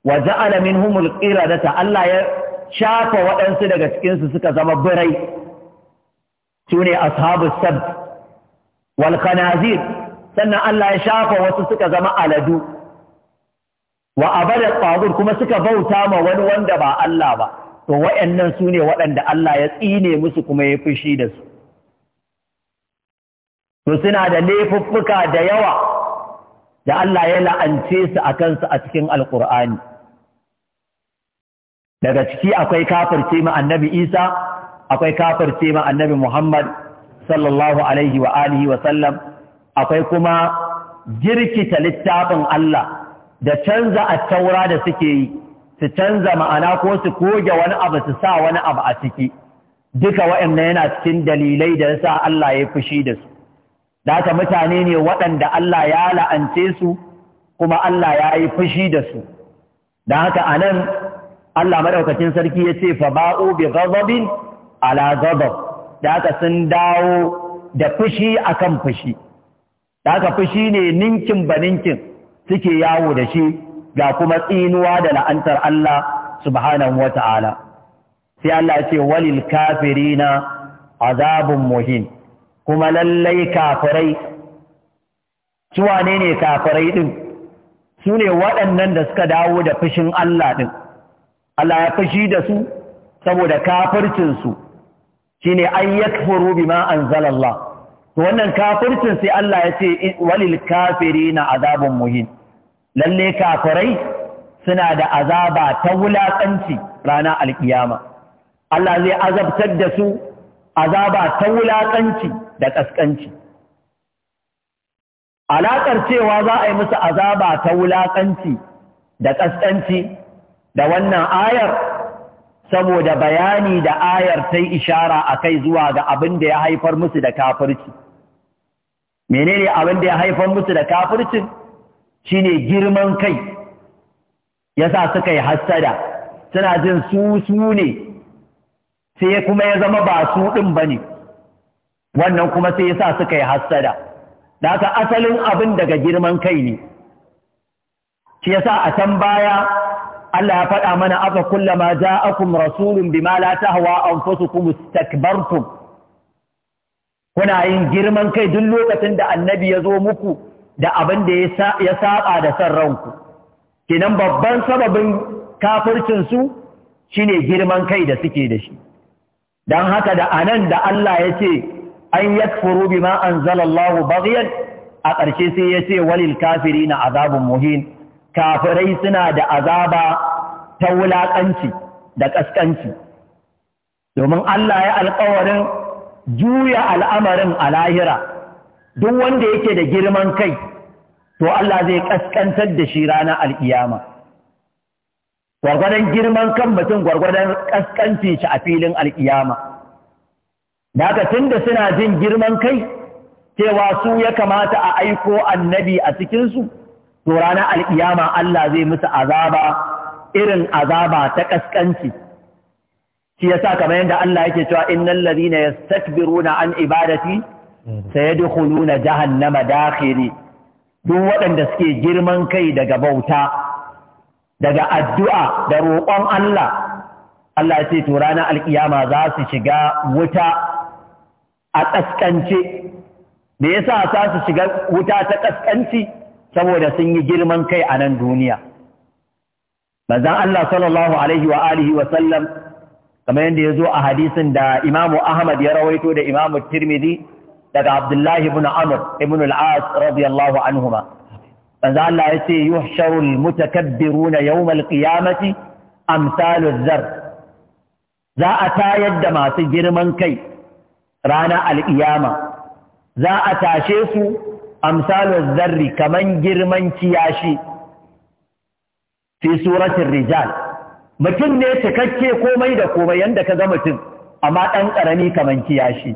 wa ja'ala minhumul qiradata Allah ya shafa waɗansu daga cikin su suka zama birai sune ashabus sab wal khanazir sannan Allah ya shafa wasu suka zama aladu wa abada tsagur kuma suka bauta ma wani wanda ba Allah ba to waɗannan sune waɗanda Allah ya tsine musu kuma ya fushi da su to suna da laifuffuka da yawa da Allah ya la'ance su a kansu a cikin Alƙur'ani. daga ciki akwai kafirce ma annabi isa akwai kafirce ma annabi muhammad sallallahu alaihi wa alihi wa sallam akwai kuma girkita littafin Allah da canza attaura da suke yi su canza ma'ana ko su koge wani abu su sa wani abu a ciki duka waɗannan yana cikin dalilai da sa Allah ya fushi da su haka mutane ne waɗanda Allah ya la'ance su kuma Allah ya yi fushi da su da haka anan Allah maɗaukacin sarki ya ce fa ba'u bi ghadabin ala ghadab da aka sun dawo da fushi akan fushi da aka fushi ne ninkin ba ninkin suke yawo da shi ga kuma tsinuwa da la'antar Allah subhanahu Ta'ala. sai Allah ce ce walil na azabun muhin kuma lallai kafirai su wane ne kafirai ɗin? su ne waɗannan da suka dawo da fushin Allah ɗin. Allah ya fashi da su saboda kafircinsu shi ne an yakfuru bima zalallah, to wannan kafircin sai Allah ya ce walil na azabun muhin lalle kafirai suna da azaba ta wulakanci ranar alkiyama Allah zai azabtar da su azaba ta wulakanci da kaskanci alaƙar cewa za a yi musu azaba ta wulaƙanci da ƙasƙanci? da wannan ayar saboda bayani da ayar sai ishara a kai zuwa ga abin da ya haifar musu da kafirci menene abin da ya haifar musu da kafircin shine girman kai ya sa suka yi hassada suna jin su su ne sai kuma ya zama ba su ɗin ba ne wannan kuma sai ya sa suka yi hassada da asalin abin daga girman kai ne shi sa a can baya Allah ya faɗa mana afa kullama ja'akum rasulun bima la tahwa anfusukum istakbartum kuna yin girman kai duk lokacin da annabi ya zo muku da abin da ya saba da san ranku kinan babban sababin kafircin su shine girman kai da suke da shi dan haka da anan da Allah ya ce an yakfuru bima anzalallahu baghyan a ƙarshe sai ya ce walil kafirina azabun muhin kafirai suna da azaba ta wulaƙanci da ƙasƙanci domin Allah ya alƙawarin juya al'amarin a lahira duk wanda yake da girman kai to Allah zai ƙasƙantar da shi ranar al'iyama gwargwadon girman kan mutum gwargwadon ƙasƙanci shi a filin al'iyama da tun da suna jin girman kai cewa su ya kamata a aiko annabi a cikinsu to ranar alkiyama Allah zai musu azaba irin azaba ta ƙasƙanci shi sa kamar yadda Allah yake cewa na ladhina na an ibadati sayadkhuluna jahannama dakhiri duk waɗanda suke girman kai daga bauta daga addu'a da roƙon Allah Allah ya ce to ranar al'iyama za su shiga wuta a kaskance me yasa za su shiga wuta ta ƙasƙanci? saboda sun yi girman kai a nan duniya manzon Allah sallallahu alaihi wa alihi wa sallam kamar yadda ya zo a hadisin da imamu Ahmad ya rawaito da imamu Tirmidhi daga Abdullahi ibn Amr ibn al-As radiyallahu anhuma manzon Allah ya ce yuhsharu al-mutakabbiruna yawm al-qiyamati amsalu dhar za a tayar da masu girman kai ranar al'iyama za a tashe su amsalun zarri kaman girman kiyashi fi suratin rijal mutum ne cikakke komai da komai yanda ka ga mutum amma ɗan ƙarami kaman kiyashi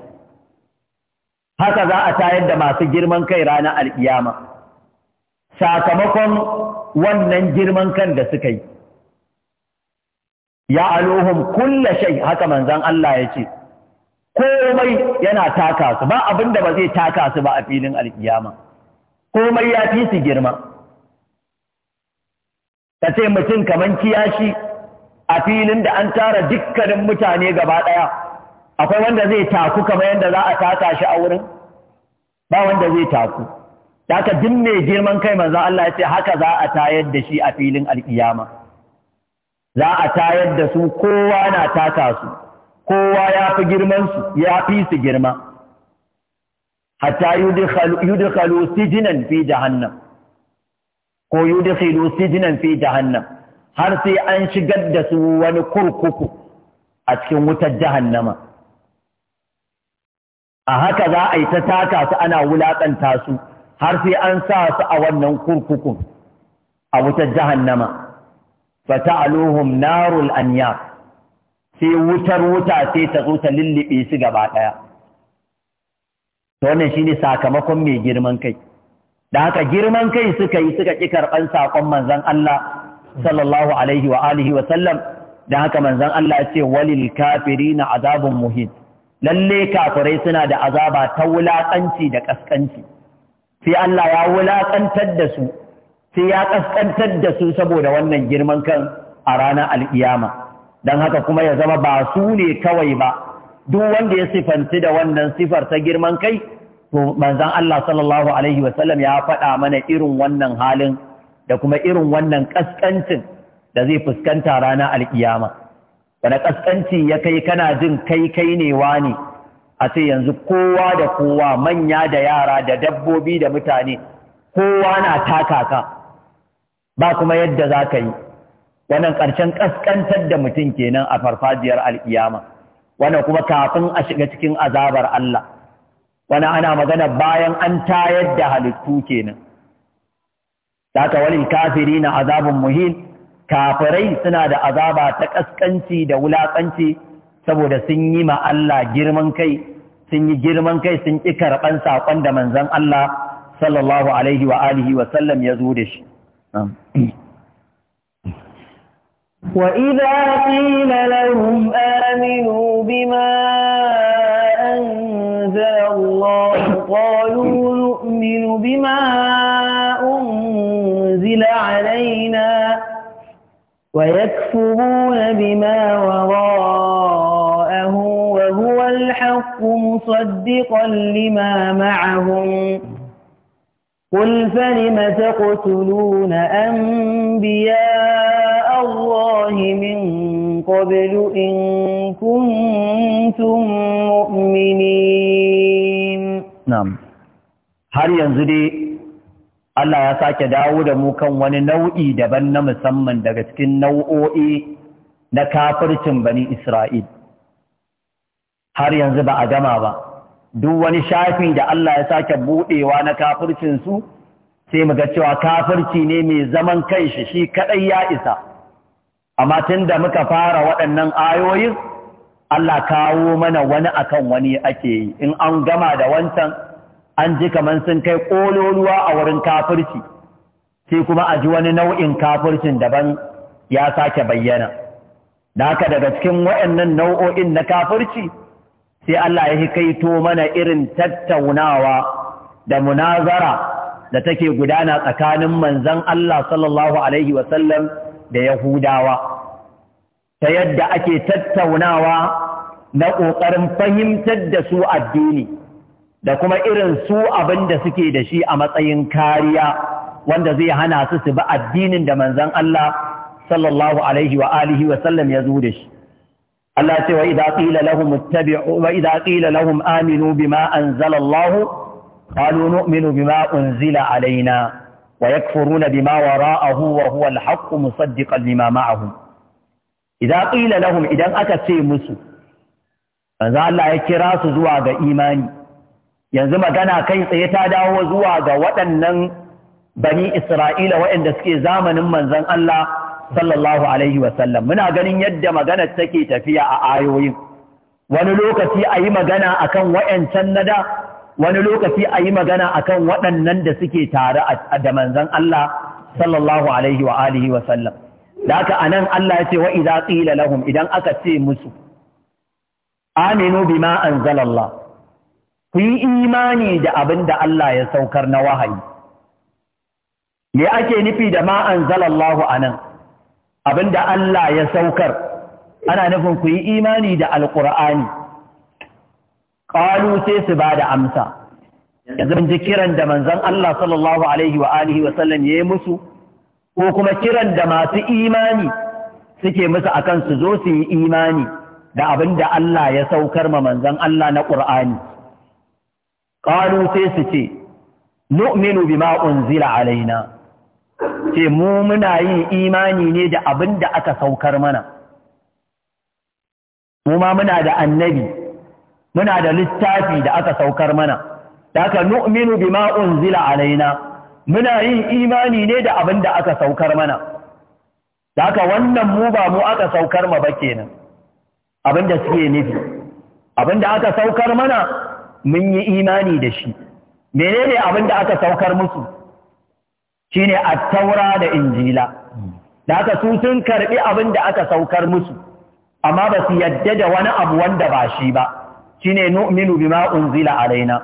haka za a tayar da masu girman kai ranar al'iyama sakamakon wannan girman kan da suka yi ya alohun kulla shai haka manzan Allah ya ce komai yana taka su ba abin da ba zai taka su ba a filin alkiyama komai ya fi su girma ta ce mutum kamar kiyashi a filin da an tara dukkanin mutane gaba ɗaya akwai wanda zai taku kamar yadda za a taka shi a wurin ba wanda zai taku daka duk mai girman kai manzo Allah ya ce haka za a tayar da shi a filin alkiyama za a tayar da su kowa na taka su kowa ya fi girman su ya fi su girma hatta yudkhalu sijnan fi jahannam ko yudkhilu sijnan fi jahannam har sai an shigar da su wani kurkuku a cikin wutar jahannama a haka za a yi ta taka su ana wulaƙanta su har sai an sa su a wannan kurkukun a wutar jahannama fata'aluhum narul anyab sai wutar wuta sai ta zo ta lullube su gaba ɗaya to shi shine sakamakon mai girman kai da haka girman kai suka yi suka ƙi karɓan saƙon manzan Allah sallallahu alaihi wa alihi wa sallam da haka manzon Allah ya ce walil kafirina azabun lalle kafirai suna da azaba ta wulaƙanci da ƙasƙanci sai Allah ya wulaƙantar da su sai ya ƙasƙantar da su saboda wannan girman kan a ranar al'iyama. don haka kuma ya zama ba su ne kawai ba duk wanda ya sifanci da wannan sifar ta girman kai to manzon Allah sallallahu alaihi wasallam ya faɗa mana irin wannan halin da kuma irin wannan kaskancin da zai fuskanta ranar alkiyama wani kaskanci ya kai kana jin kai kai ne wani a ce yanzu kowa da kowa manya da yara da dabbobi da mutane kowa na taka ka ba kuma yadda za ka yi wannan ƙarshen ƙasƙantar da mutum kenan a farfajiyar alƙiyama wannan kuma kafin a shiga cikin azabar Allah wannan ana magana bayan an tayar da halittu kenan daga walil kafiri na azabin muhin kafirai suna da azaba ta ƙasƙanci da wulaƙanci saboda sun yi ma Allah girman kai sun yi girman kai sun ƙi karɓan saƙon da manzon Allah sallallahu alaihi wa alihi wa sallam ya zo da shi وإذا قيل لهم آمنوا بما أنزل الله قالوا نؤمن بما أنزل علينا ويكفرون بما وراءه وهو الحق مصدقا لما معهم قل فلم تقتلون أنبياء الله من قبل إن كنتم مؤمنين نعم har yanzu dai Allah ya sake dawo da mu kan wani nau'i daban na musamman daga cikin nau'o'i na kafircin bani Isra'il har yanzu ba a gama ba duk wani shafi da Allah ya sake buɗewa na kafircinsu sai mu ga cewa kafirci ne mai zaman kanshi shi kaɗai ya isa amma tun da muka fara waɗannan ayoyin Allah kawo mana wani akan wani ake yi in an gama da wancan an ji kamar sun kai ƙololuwa a wurin kafirci sai kuma a ji wani nau'in kafircin daban ya sake bayyana. Da haka daga cikin waɗannan nau'o'in na kafirci, sai Allah ya hikaito mana irin tattaunawa da munazara da take gudana tsakanin manzan Allah sallallahu Alaihi wasallam da Yahudawa, ta yadda ake tattaunawa na ƙoƙarin fahimtar da su addini da kuma irin su abin da suke da shi a matsayin kariya wanda zai hana su su bi addinin da manzan Allah sallallahu Alaihi wasallam ya zo da shi. Allah ce wa idza qila lahum ittabi'u wa idza qila lahum aminu bima anzala Allah qalu nu'minu bima unzila alaina wa yakfuruna bima wara'ahu wa huwa al-haqq musaddiqan lima ma'ahum idza qila lahum idan aka ce musu manzo Allah ya kira su zuwa ga imani yanzu magana kai tsaye ta dawo zuwa ga waɗannan bani Isra'ila waɗanda suke zamanin manzon Allah sallallahu alaihi wasallam muna ganin yadda magana take tafiya a ayoyin wani lokaci a yi magana akan wayancan na da wani lokaci a yi magana akan waɗannan da suke tare da manzon Allah sallallahu alaihi wa alihi wasallam da a anan Allah ya ce wa idza lahum idan aka ce musu aminu bima anzalallah ku yi imani da abin da Allah ya saukar na wahayi me ake nufi da ma a nan? abinda Allah ya saukar ana nufin ku yi imani da alƙur'ani ƙalu sai su ba da amsa yanzu mun ji kiran da manzon Allah sallallahu alaihi wa alihi wa sallam yayi musu ko kuma kiran da masu imani suke musu akan su zo su yi imani da abin da Allah ya saukar ma manzon Allah na Ƙur'ani. Ƙalu sai su ce nu'minu bima unzila alaina ce mu muna yin imani ne da abin da aka saukar mana mu ma muna da annabi muna da littafi da aka saukar mana da aka nu'minu bima unzila alaina muna yin imani ne da abin da aka saukar mana da aka wannan mu ba mu aka saukar ma ba kenan abin da suke nufi abin da aka saukar mana mun yi imani da shi ne abin da aka saukar musu shine a taura da injila da haka su sun karɓi abin da aka saukar musu amma ba su yadda da wani abu wanda ba shi ba shine nu'minu zila a raina.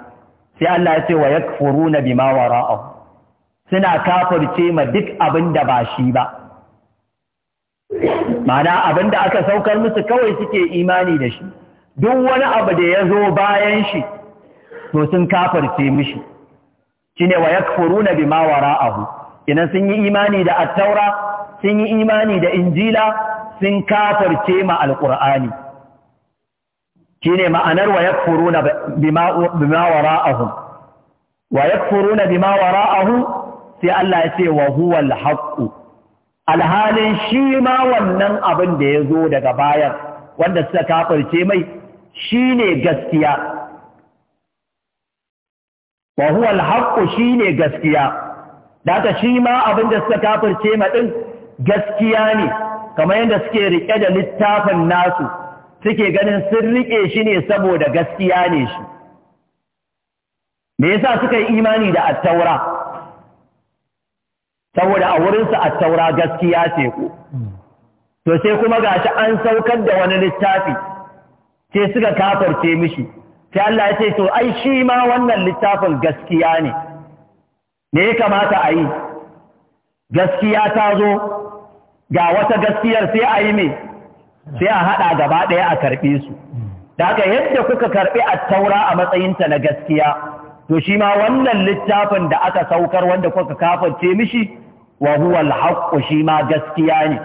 sai Allah ya ce wa bi mawa wara'ahu suna kafirce ma duk abin da ba shi ba mana abin da aka saukar musu kawai suke imani da shi duk wani abu da ya zo bayan shi to sun kafirce mishi shine wa yakfuruna bima wara'ahu idan sun yi imani da at-taura sun yi imani da injila sun kafirce ma al-qur'ani shine ma'anar wa yakfuruna bima bima wara'ahum wa yakfuruna bima wara'ahu sai Allah ya ce wa huwa al-haqq alhalin shi ma wannan abin da yazo daga bayan wanda suka kafirce mai shine gaskiya wa huwa al shine gaskiya daga shi ma abin da suka kafirce ma din gaskiya ne kamar yadda suke rike da littafin nasu suke ganin sun rike shi ne saboda gaskiya ne shi me yasa suka yi imani da attaura saboda a wurinsu attaura gaskiya ce ku to sai kuma gashi an saukar da wani littafi sai suka kafarce mishi sai Allah ya ce to ai shi ma wannan littafin gaskiya ne me ya kamata a yi gaskiya ta zo ga wata gaskiyar sai a yi me sai a haɗa gaba ɗaya a karɓe su da yadda kuka karɓi a taura a matsayinta na gaskiya to shi ma wannan littafin da aka saukar wanda kuka kafance mishi wa huwa al shi ma gaskiya ne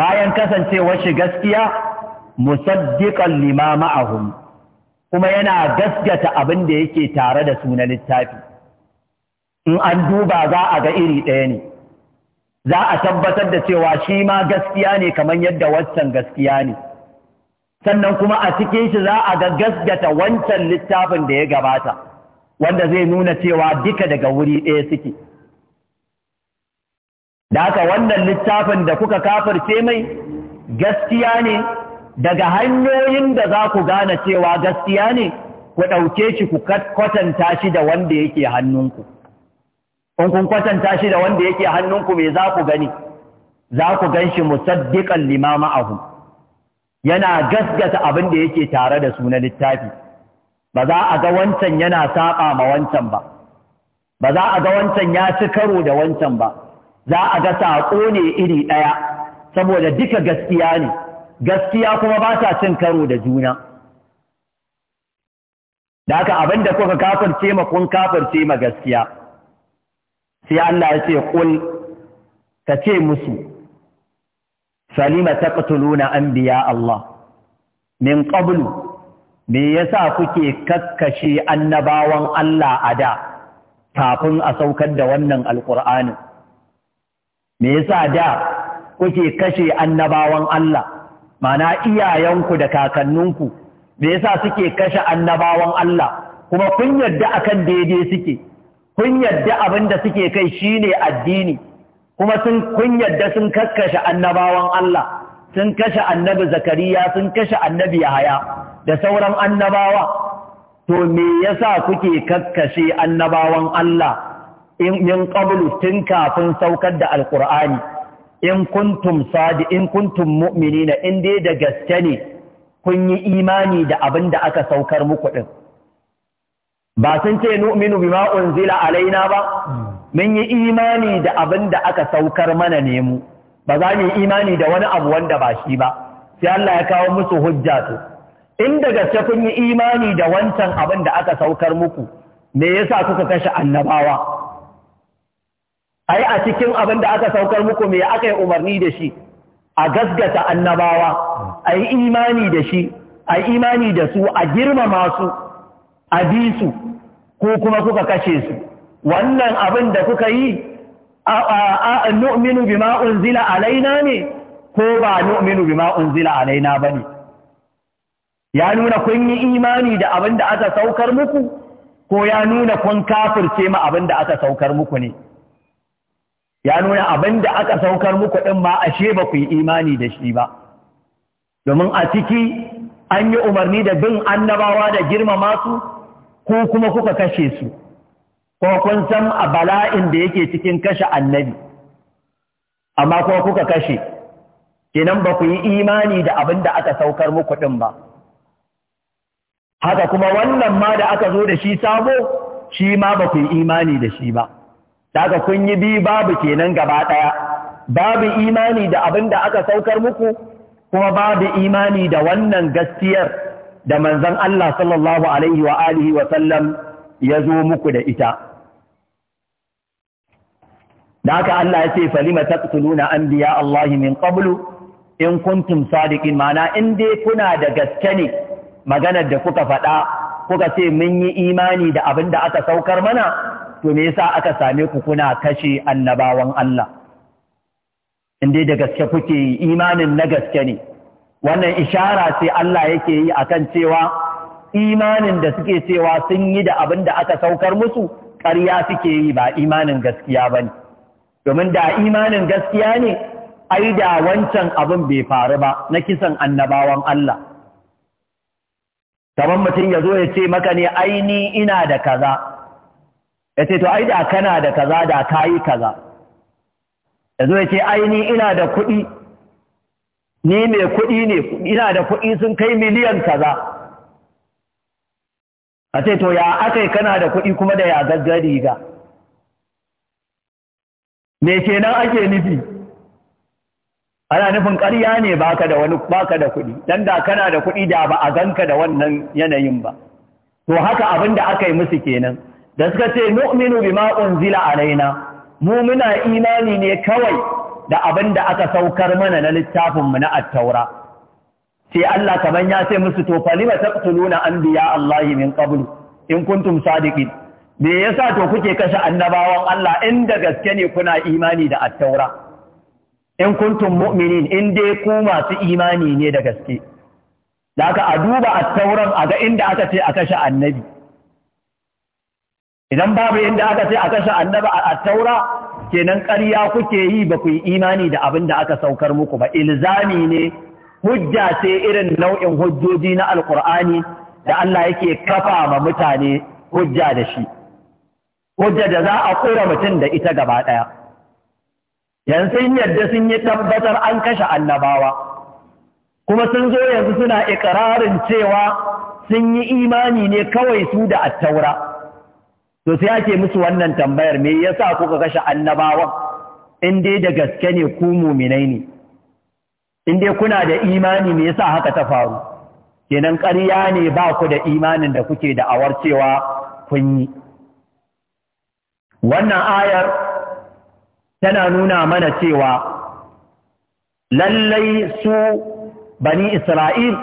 bayan kasancewar shi gaskiya musaddiqan lima ma'ahum kuma yana gaskata abin da yake tare da su na littafi in an duba za a ga iri ɗaya ne za a tabbatar da cewa shi ma gaskiya ne kamar yadda wancan gaskiya ne sannan kuma a cikin shi za a ga gaskata wancan littafin da ya gabata wanda zai nuna cewa duka daga wuri ɗaya suke da haka wannan littafin da kuka kafirce mai gaskiya ne daga hanyoyin da za ku gane cewa gaskiya ne ku ɗauke shi ku kwatanta shi da wanda yake hannunku in kun kwatanta shi da wanda yake hannunku me za ku gani za ku gan shi musaddiƙan limama ahu yana gasgata abin da yake tare da su na littafi ba za a ga wancan yana saƙa ma wancan ba ba za a ga wancan ya ci karo da wancan ba za a ga saƙo ne iri ɗaya saboda duka gaskiya ne gaskiya kuma ba ta cin karo da juna da aka abin da kuka kafirce ma kun kafirce ma gaskiya sai Allah ya ce kul ka ce musu salima ta an biya Allah min qablu me yasa kuke kakkashe annabawan Allah a da kafin a saukar da wannan alqur'anin me yasa da kuke kashe annabawan Allah mana iyayenku da kakanninku me yasa suke kashe annabawan Allah kuma kun yadda akan daidai suke kun yadda abin suke kai shine addini kuma sun kun yadda sun kakkashe annabawan Allah sun kashe annabi Zakariya sun kashe annabi Yahaya da sauran annabawa to me yasa kuke kakkashe annabawan Allah in min qablu tun kafin saukar da alqur'ani in kuntum sadi in kuntum mu'minina in dai da gaske ne kun yi imani da abin da aka saukar muku din ba sun ce nu'minu bima unzila alaina ba mun yi imani da abin da aka saukar mana ne mu ba za mu yi imani da wani abu wanda ba shi ba sai Allah ya kawo musu hujja to in da gaske kun yi imani da wancan abin da aka saukar muku me yasa kuka kashe annabawa A yi a cikin abin da aka saukar muku mai aka yi umarni da shi a gasgata annabawa a yi imani da shi a yi imani da su a girmama su a bi su ko kuma kuka kashe su wannan abin da kuka yi a nu'minu bima unzila alaina ne ko ba nu'minu bima unzila alaina ne? ya nuna kun yi imani da abin da aka saukar muku ko ya nuna kun kafirce ma abin da aka saukar muku ne ya nuna abin da aka saukar muku ɗin ba ashe ba ku yi imani da shi ba domin a ciki an yi umarni da bin annabawa da girmama su ko kuma kuka kashe su ko kun san a bala'in da yake cikin kashe annabi amma kuma kuka kashe kenan ba ku yi imani da abin da aka saukar muku ɗin ba haka kuma wannan ma da aka zo da shi sabo shi ma ba ku yi imani da shi ba daga kun yi biyu babu kenan gaba ɗaya babu imani da abin da aka saukar muku kuma babu imani da wannan gaskiyar da manzon Allah sallallahu alaihi wa alihi wa sallam ya zo muku da ita da haka Allah ya ce falima an biya Allah min qablu in kuntum sadiqin mana in dai kuna da gaske ne maganar da kuka faɗa kuka ce mun yi imani da abin da aka saukar mana to me yasa aka same ku kuna kashe annabawan Allah Inde da gaske kuke imanin na gaske ne wannan ishara ce Allah yake yi akan cewa imanin da suke cewa sun yi da abin da aka saukar musu ƙarya suke yi ba imanin gaskiya ba domin da imanin gaskiya ne ai da wancan abin bai faru ba na kisan annabawan Allah kamar mutum ya zo ya ce maka ne ni ina da kaza ya ce to ai da kana da kaza da kayi kaza ya yace ya ce ai ni ina da kuɗi ni mai kuɗi ne ina da kuɗi sun kai miliyan kaza a ce to ya akai kana da kuɗi kuma da ya gaggari ga me kenan ake nufi ana nufin ƙarya ne baka da wani baka da kuɗi dan da kana da kuɗi da ba a ganka da wannan yanayin ba to haka abin da aka yi musu kenan da suka ce nu'minu bima unzila alaina mu muna imani ne kawai da abin da aka saukar mana na littafin mu na at-taura sai Allah kaman ya ce musu to falima taqtuluna anbiya Allah min qabl in kuntum sadiqin me yasa to kuke kashe annabawan Allah in da gaske ne kuna imani da at-taura in kuntum mu'minin in dai ku masu imani ne da gaske da aka a duba at-tauran a ga inda aka ce a kashe annabi idan babu yadda aka ce a kashe annaba a taura kenan ƙarya kuke yi ba ku yi imani da abin da aka saukar muku ba ilzami ne hujja ce irin nau'in hujjoji na alkur'ani da Allah yake kafa ma mutane hujja da shi hujja da za a kura mutum da ita gaba ɗaya yanzu sun yadda sun yi tabbatar an kashe annabawa kuma sun zo yanzu suna ikirarin cewa sun yi imani ne kawai su da attaura to sai ake musu wannan tambayar me yasa kuka kashe annabawan in dai da gaske ne ku muminai ne in dai kuna da imani me yasa haka ta faru kenan ƙarya ne ba ku da imanin da kuke da awar cewa kun yi wannan ayar tana nuna mana cewa lallai su bani Isra'il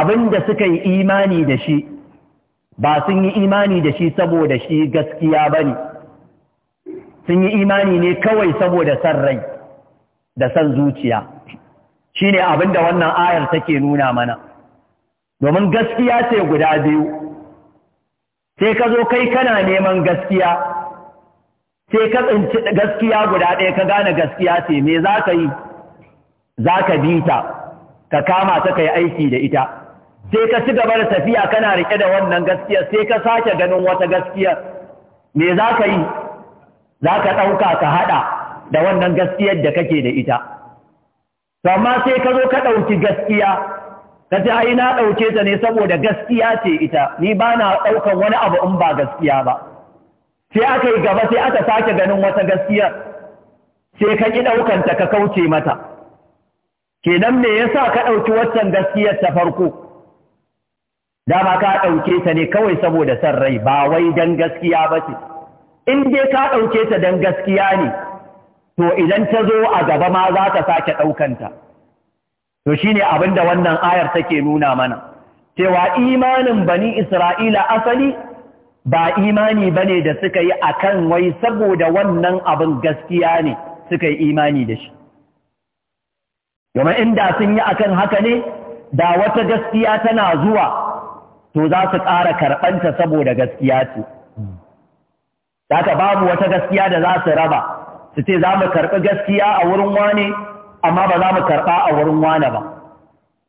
abinda suka yi imani da shi ba sun yi imani da shi saboda shi gaskiya ba ne sun yi imani ne kawai saboda san rai da san zuciya shi ne da wannan ayar take nuna mana domin gaskiya ce guda biyu sai ka zo kai kana neman gaskiya sai ka tsinci gaskiya guda ɗaya ka gane gaskiya ce me za ka yi za ka bi ta ka kama ta ka yi aiki da ita sai ka ci gaba da tafiya kana rike da wannan gaskiya sai ka sake ganin wata gaskiya me za ka yi za ka ɗauka ka haɗa da wannan gaskiyar da kake da ita to amma sai ka zo ka ɗauki gaskiya ka ce ai na ɗauke ta ne saboda gaskiya ce ita ni ba na ɗaukan wani abu in ba gaskiya ba sai aka yi gaba sai aka sake ganin wata gaskiyar sai ka ƙi ɗaukanta ka kauce mata kenan me yasa ka ɗauki waccan gaskiyar ta farko dama ka ɗauke ta ne kawai saboda san rai ba wai don gaskiya ba ce in dai ka ɗauke ta don gaskiya ne to idan ta zo a gaba ma za ta sake ɗaukanta to shi ne abin da wannan ayar take nuna mana cewa imanin bani isra'ila asali ba imani ba ne da suka yi a kan wai saboda wannan abin gaskiya ne suka yi imani da shi domin inda sun yi akan haka ne da wata gaskiya tana zuwa to za su ƙara karɓanta saboda gaskiya ce. Daga babu wata gaskiya da za su raba, su ce za mu karɓi gaskiya a wurin wane, amma ba za mu karɓa a wurin wane ba.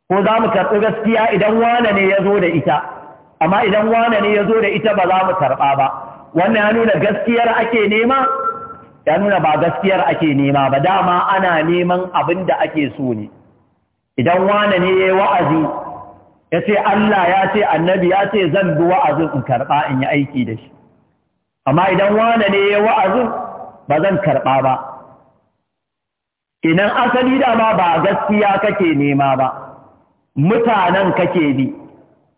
Ko za mu karɓi gaskiya idan wane ne ya zo da ita, amma idan wane ne ya zo da ita ba za mu karɓa ba. Wannan ya nuna gaskiyar ake nema, ya nuna ba gaskiyar ake nema ba, dama ana neman abin da ake so ne. Idan wane ne ya yi wa'azi, ya ce Allah ya ce annabi ya ce zan bi wa'azin in karɓa in yi aiki da shi amma idan wane ne ya wa'azin ba zan karɓa ba idan asali dama ba gaskiya kake nema ba mutanen kake bi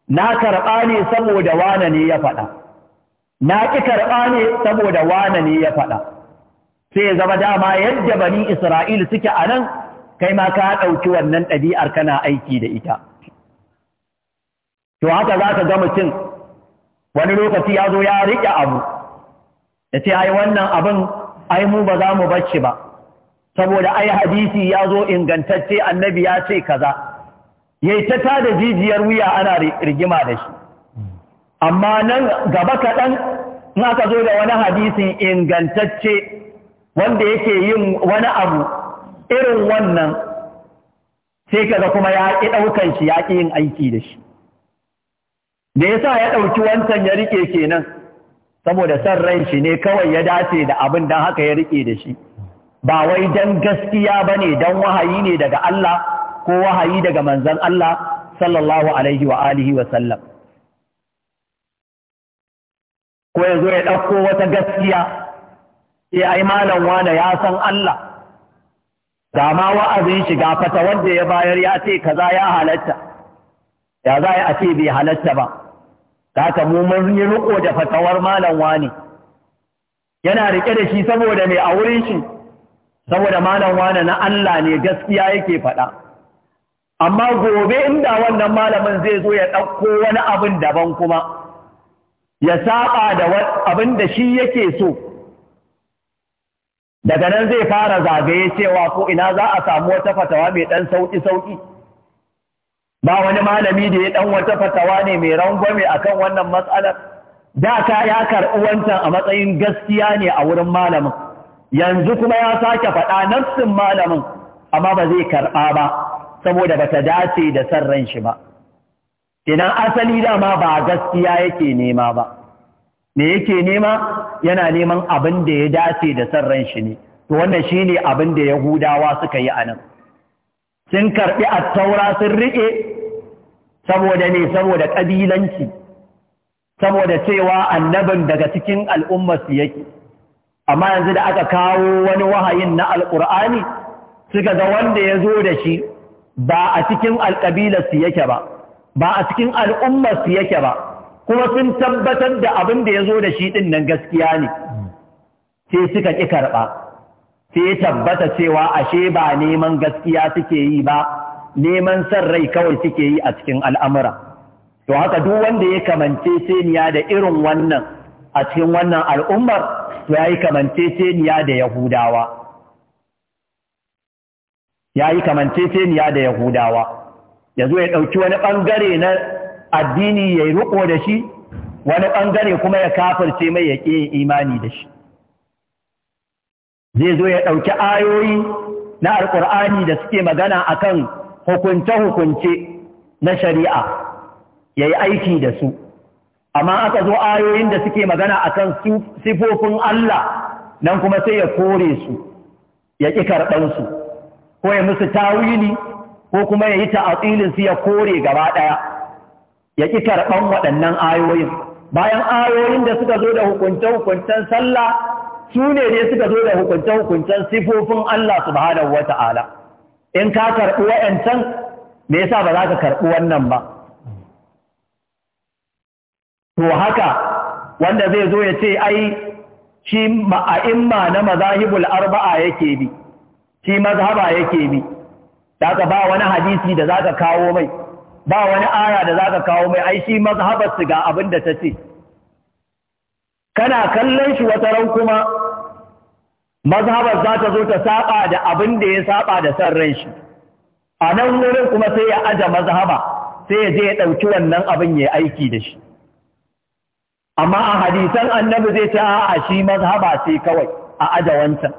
na karɓa ne saboda wane ne ya faɗa na ƙi karɓa ne saboda wane ne ya faɗa sai ya zama dama yadda bani isra'il suke a nan kai ma ka ɗauki wannan ɗabi'ar kana aiki da ita to haka za ka ga mutum wani lokaci ya zo ya riƙe abu da ce ai wannan abin ai mu ba za mu bacci ba saboda ai hadisi ya zo ingantacce annabi ya ce kaza yayi ta da jijiyar wuya ana rigima da shi amma nan gaba kaɗan in aka zo da wani hadisin ingantacce wanda yake yin wani abu irin wannan sai kaga kuma ya ƙi ɗaukan shi ya ƙi yin aiki da shi da yasa ya ɗauki wancan ya riƙe kenan saboda son ran shi ne kawai ya dace da abin don haka ya riƙe da shi ba wai don gaskiya ba ne don wahayi ne daga Allah ko wahayi daga manzan Allah sallallahu alaihi wa alihi wa sallam ko ya zo ya ɗauko wata gaskiya sai eh, ai malam wane ya san Allah ga ma wa'azin shiga fata wanda ya bayar ya ce kaza ya halatta ya za a ce bai halatta ba da mu mun yi riko da fatawar malam wani yana rike da shi saboda mai a wurin shi saboda malam wani na Allah ne gaskiya yake faɗa amma gobe inda wannan malamin zai zo ya ɗauko wani abin daban kuma ya saba da abin da shi yake so daga nan zai fara zagaye cewa ko ina za a samu wata fatawa mai ɗan sauƙi-sauƙi ba wani malami da ya dan wata fatawa ne mai rangwame a kan wannan matsalar da ka ya karɓi wancan a matsayin gaskiya ne a wurin malamin yanzu kuma ya sake faɗa nafsin malamin amma ba zai karɓa ba saboda ba ta dace da san shi ba idan asali dama ba gaskiya yake nema ba me yake nema yana neman abin da ya dace da san shi ne to wannan shine abin da yahudawa suka yi a nan sun karɓi attaura sun riƙe saboda ne saboda ƙabilanci saboda cewa annabin daga cikin al'ummarsu yake amma yanzu da aka kawo wani wahayin na alƙur'ani suka ga wanda ya zo da shi ba a cikin alƙabilarsu yake ba ba a cikin al'ummarsu yake ba kuma sun tabbatar da abin da ya zo da shi ɗin nan gaskiya ne sai suka ƙi karɓa sai tabbata cewa ashe ba neman gaskiya suke yi ba neman san rai kawai suke yi a cikin al'amura to haka duk wanda ya kamance seniya da irin wannan a cikin wannan al'ummar to ya yi kamance seniya da yahudawa ya yi kamance seniya da yahudawa ya zo ya ɗauki wani ɓangare na addini ya yi riƙo da shi wani ɓangare kuma ya kafirce mai ya imani da shi zai zo ya ɗauki ayoyi na alƙur'ani da suke magana a kan hukunce-hukunce na shari'a ya yi aiki da su amma aka zo ayoyin da suke magana a kan sifofin Allah nan kuma sai ya kore su ya ƙi karɓansu ko ya musu tawili ko kuma ya yi su ya kore gaba ɗaya ya ƙi karɓan waɗannan ayoyin bayan ayoyin da suka zo da hukunce-hukuncen sallah su ne dai suka zo da hukunce-hukuncen sifofin Allah subhanahu wa ta'ala. In ka karɓi wa'yancan, me yasa ba za ka karɓi wannan ba. To haka wanda zai zo ya ce, ai, shi ma'a'imma na mazahibul arba'a yake bi, shi mazhaba yake bi, za ka ba wani hadisi da za ka kawo mai, ba wani aya da za ka kawo mai, ai, shi su ga abin da ta ce. Kana kallon shi wataran kuma mazhabar za ta zo ta saba da abin da ya saba da san ran shi a nan wurin kuma sai ya aja mazhaba sai ya je ya ɗauki wannan abin ya aiki da shi amma a hadisan annabi zai ce a shi mazhaba sai kawai a aja wancan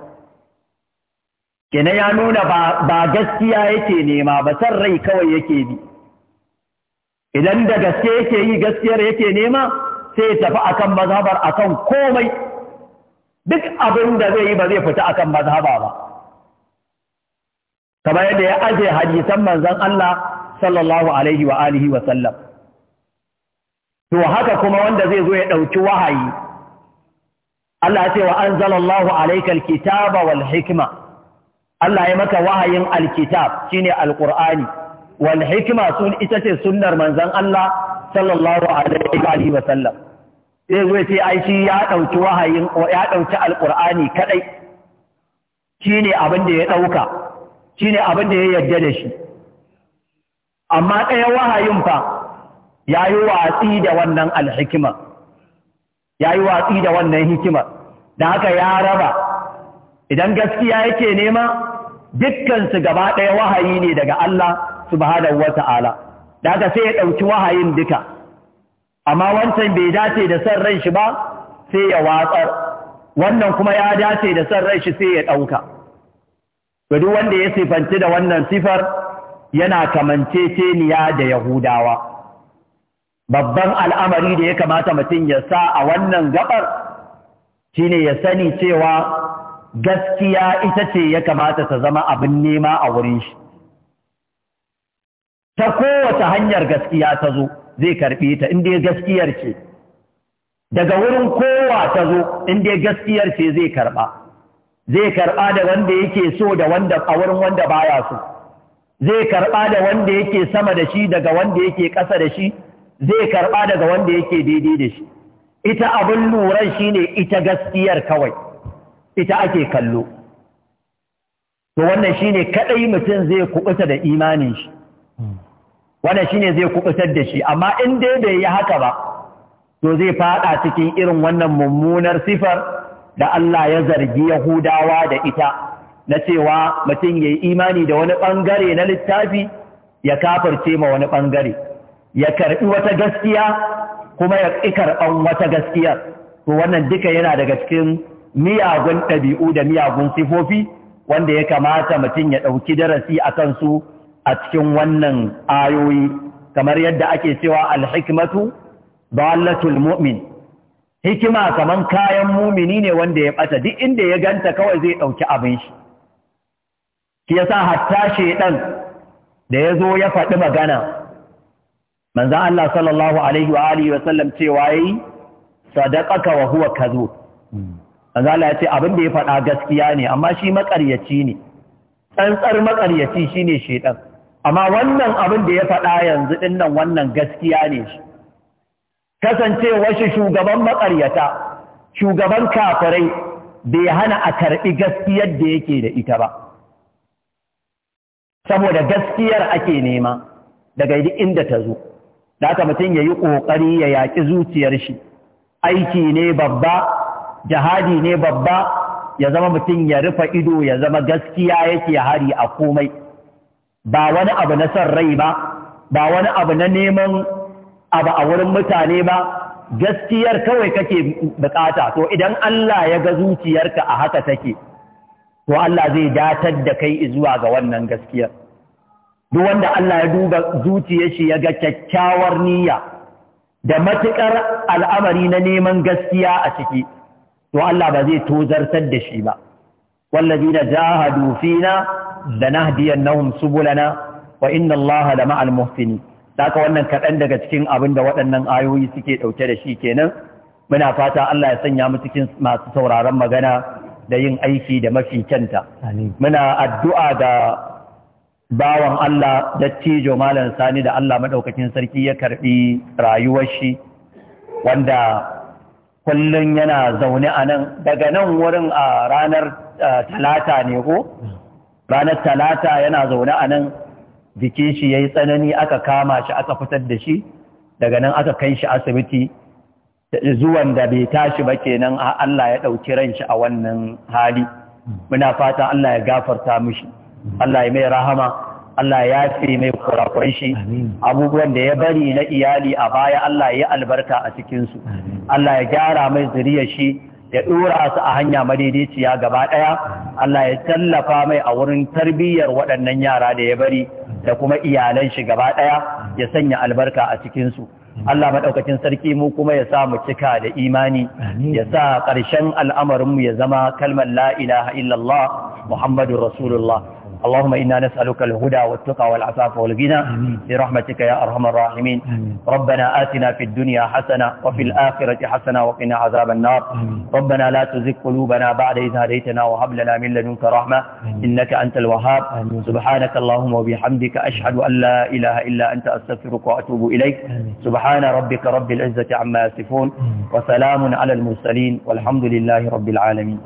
kenan ya nuna ba gaskiya yake nema ba san rai kawai yake bi idan da gaske yake yi gaskiyar yake nema sai ya tafi akan mazhabar akan komai duk abin da zai yi ba zai fita akan mazhaba ba kamar yadda ya aje hadisan manzon Allah sallallahu alaihi wa alihi wa sallam to haka kuma wanda zai zo ya dauki wahayi Allah ya ce wa anzalallahu alaikal kitaba wal hikma Allah ya maka wahayin alkitab shine alqur'ani wal hikma sun ita ce sunnar manzon Allah sallallahu alaihi wa alihi wa sallam sai zai sai ai shi ya ɗauki wahayin ya ɗauki alƙur'ani kaɗai shi ne abin da ya ɗauka shi ne abin da ya yarda da shi amma ɗaya wahayin fa ya yi watsi da wannan alhikima ya yi watsi da wannan hikimar da haka ya raba idan gaskiya yake nema dukkansu gaba ɗaya wahayi ne daga Allah subhanahu wa ta'ala da haka sai ya ɗauki wahayin duka amma wancan bai dace da san ran shi ba sai ya watsar wannan kuma ya dace da san ran shi sai ya ɗauka duk wanda ya sifanci da wannan sifar yana kamanceceniya da yahudawa babban al'amari da ya kamata mutum ya sa a wannan gabar shine ya sani cewa gaskiya ita ce ya kamata ta zama abin nema a wurin shi ta kowace hanyar gaskiya ta zo zai karɓi ta in dai gaskiyar ce daga wurin kowa ta zo in dai gaskiyar ce zai karɓa zai karɓa da wanda yake so da wanda a wurin wanda baya so zai karɓa da wanda yake sama da shi daga wanda yake ƙasa da shi zai karɓa daga wanda yake daidai da shi ita abin lura shine ita gaskiyar kawai ita ake kallo to wannan shine kadai mutum zai kubuta da imanin shi wannan shine zai kubutar da shi amma in dai bai yi haka ba to zai fada cikin irin wannan mummunar sifar da Allah ya zargi Yahudawa da ita na cewa mutum yayi imani da wani ɓangare na littafi ya kafirce ma wani ɓangare, ya karɓi wata gaskiya kuma ya ƙi wata gaskiya to wannan duka yana daga cikin miyagun ɗabi'u da miyagun sifofi wanda ya kamata mutum ya ɗauki darasi a kansu a cikin wannan ayoyi kamar yadda ake cewa alhikmatu dalatul mu'min hikima kaman kayan mumini ne wanda ya bata duk inda ya ganta kawai zai dauki abin shi shi yasa hatta shedan da yazo ya faɗi magana manzo Allah sallallahu alaihi wa alihi wa sallam cewa yi sadaqaka wa huwa kazu manzo Allah ya ce abin da ya faɗa gaskiya ne amma shi makaryaci ne tsantsar makaryaci shine shedan amma wannan abin da ya faɗa yanzu ɗin wannan gaskiya ne shi kasancewar shi shugaban maƙaryata shugaban kafirai bai hana a karɓi gaskiyar da yake da ita ba saboda gaskiyar ake nema daga yi inda ta zo da aka mutum ya yi ƙoƙari ya yaƙi zuciyar shi aiki ne babba jihadi ne babba ya zama mutum ya rufe ido ya zama gaskiya yake hari a komai ba wani abu na son rai ba ba wani abu na neman abu a wurin mutane ba gaskiyar kawai kake bukata to idan Allah ya ga zuciyarka a haka take to Allah zai datar da kai zuwa ga wannan gaskiyar duk wanda Allah ya duba zuciyar shi ya ga kyakkyawar niyya da matukar al'amari na neman gaskiya a ciki to Allah ba zai tozartar da shi ba wallazina jahadu fina Da nahum subulana wa inna Allaha ma'al muhsinin haka wannan kaɗan daga cikin abin da waɗannan ayoyi suke ɗauke da shi kenan muna fata Allah ya sanya mu cikin masu sauraron magana da yin aiki da mafi kyanta muna addu'a da bawan Allah dattijo malam sani da Allah Maɗaukacin sarki ya karɓi rayuwar shi wanda kullum yana zaune a nan daga nan wurin a ranar talata ne ko ranar talata yana zaune a nan jikin shi ya yi tsanani aka kama shi aka fitar da shi daga nan aka kai shi asibiti zuwan da bai tashi ba kenan Allah ya ɗauki ran shi a wannan hali muna fata Allah ya gafarta mishi Allah ya mai rahama Allah ya fi mai kurakurai shi abubuwan da ya bari na iyali a baya Allah ya albarka a cikinsu Allah ya gyara mai zuriyar shi ya ɗora su a hanya madaidaiciya gaba ɗaya Allah ya tallafa mai a wurin tarbiyyar waɗannan yara da ya bari da kuma iyalan shi gaba ɗaya ya sanya albarka a cikinsu Allah maɗaukacin sarki mu kuma ya sa mu cika da imani ya sa ƙarshen al'amarinmu ya zama kalmar la ilaha illallah Muhammadu Rasulullah اللهم إنا نسألك الهدى والتقى والعفاف والغنى برحمتك يا أرحم الراحمين ربنا آتنا في الدنيا حسنة وفي الآخرة حسنة وقنا عذاب النار ربنا لا تزغ قلوبنا بعد إذ هديتنا وهب لنا من لدنك رحمة إنك أنت الوهاب سبحانك اللهم وبحمدك أشهد أن لا إله إلا أنت أستغفرك وأتوب إليك سبحان ربك رب العزة عما يصفون وسلام على المرسلين والحمد لله رب العالمين